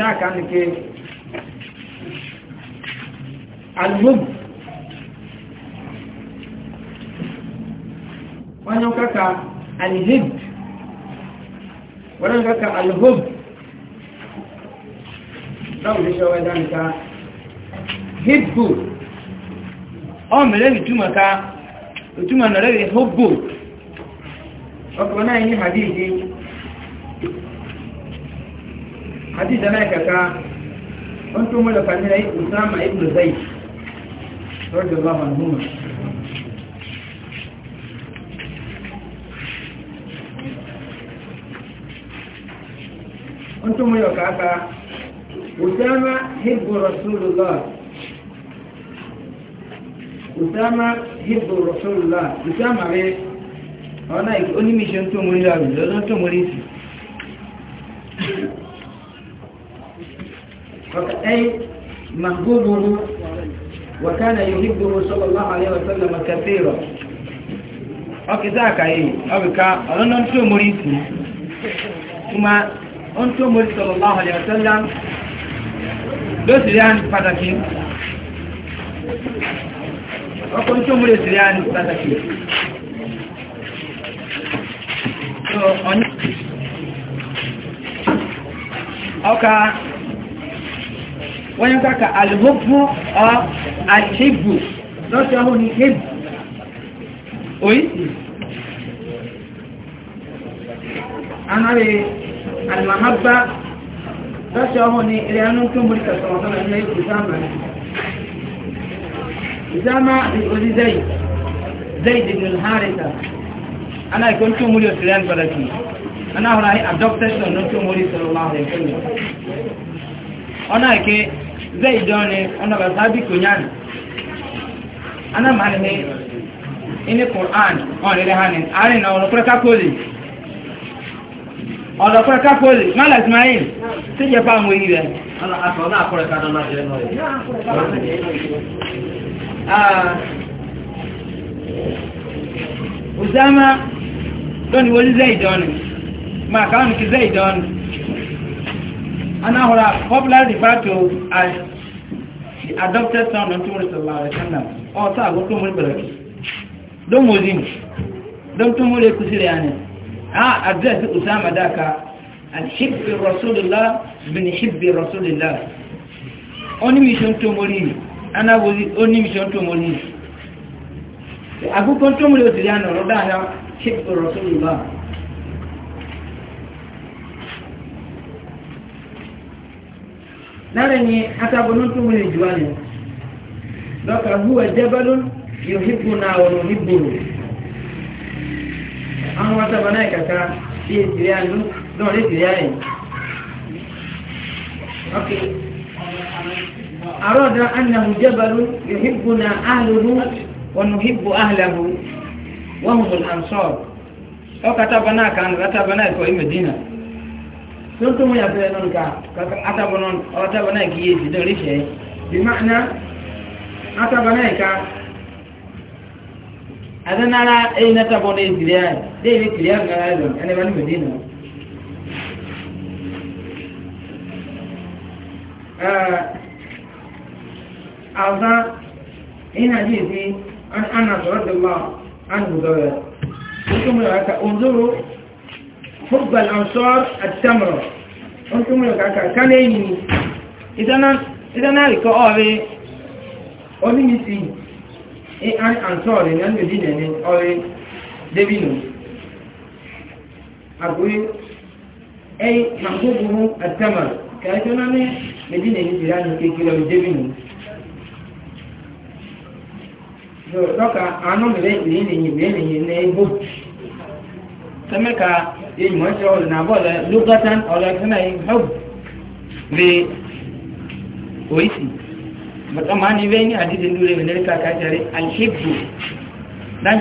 A: náà ká ní pé alùmọ́bù wọ́n yọ káka alìhìb wọ́n yọ káka alùhùb láwọn ìṣẹ́ wọ́n dáníká hìbù ọmọ ilé ìtumọ̀ ká ìtumọ̀ nà rẹ̀ hìbù ọkùnrin náà ní hadithi حديث ما كفا أنتم ولا فعلنا أسامة ابن زيد رضي الله عنهما أنتم ولا كفا أسامة حب رسول الله أسامة حب رسول الله أسامة إيه أنا إيه أني مش أنتم ولا أنتم ولا رسول الله أي محبوبه وكان يحبه صلى الله عليه وسلم كثيرا ọkìtáàkà yìí ọbìká ọ̀rọ̀nà tí ó mórí sí kuma ó tí ó mórí sallallahu alaihi wasallam ló sì rí àní pàtàkì ọkọ̀ tí ó mórí sí rí àní pàtàkì ọkà wọ́n yẹn kàkà àlùmọ́fù ọ́ àṣẹ́gbù lọ́sí ọmọ ní hébù oyi anáre àlùmọ́hábá lọ́sí ọmọ ní ilẹ̀ anú tó mú ìkàtọ̀ ọ̀tọ́ ní ìzámà ìzámà ìgbòdì zayi zayi dìgbìn hárìta anáìkọ́ tó mú ìyọ̀sílẹ̀ ń padà kìí anáhùn àdọ́kítẹ́sọ̀ ní tó mú ìsọ̀rọ̀ láàrin fún mi ọ̀nà ìké zai dɔɔni ɔnà bá sábì kò nyánì ana maa ni ini kur'an ɔn oh, lele hani ari na ɔlɔ kura kakoli ɔlɔ kura kakoli mala ismail ti jɛ pa ŋo yi rɛ. ɔlɔ akɔ ɔlɔ akɔrɔ ka dɔn n'ajɛ n'o ye. Ah. uzama dɔɔni woli zai dɔɔni maa kawani ki zai dɔɔni. Anahura popular referred to as the adopted son of the Prophet. Tumur Sallallahu Alaihi Wasallam. Or oh, Sago Tumur Baraki. Don Mozin. Don Tumur Kusiriani. Ah, address Usama Daka. And Hibbi Rasulullah bin Hibbi Rasulullah. Oni mission Tumuri. Anabozi Oni mission Tumuri. Akukon Tumur Kusiriani. Rodana Hibbi Rasulullah. نرني حتى بنون تومن الجوانب لك هو جبل يحبنا ونحبه أنا واتبنا كتا في سريان دون سريان أوكي أراد أنه جبل يحبنا أهله ونحب أهله وهم الأنصار أو كتبنا كان كتبنا في مدينة tun mu yafɛ non ka kaka atabo non ɔtabo na ki yezi dɔri fɛ bimaana atabo na ka ada nara eyi na tabo na eziri ayi de ebi tiri ayi nara ayi ɛna ba ni mɛ dina aza ina ji ezi ana sɔrɔ de an bu dɔ yɛ tonto ka حب الأنصار التمرة أنتم لك أكا كان يميني إذا نالك أولي أولي نسي إيه أنصار إن المدينة أولي دبينو أقول أي محبوبهم التمر كأيتنا مدينة نسيران كي كيلو دبينو Dọ́kà anọ́mìlẹ́ ìrìnlẹ̀ ìyìnlẹ̀ ìyìnlẹ̀ ìbò سمكا يجمع شعور نابولا لغة أولا كما حب في ويسي بطمعني بيني حديث ندوري من ذلك كاتري الحب
B: dan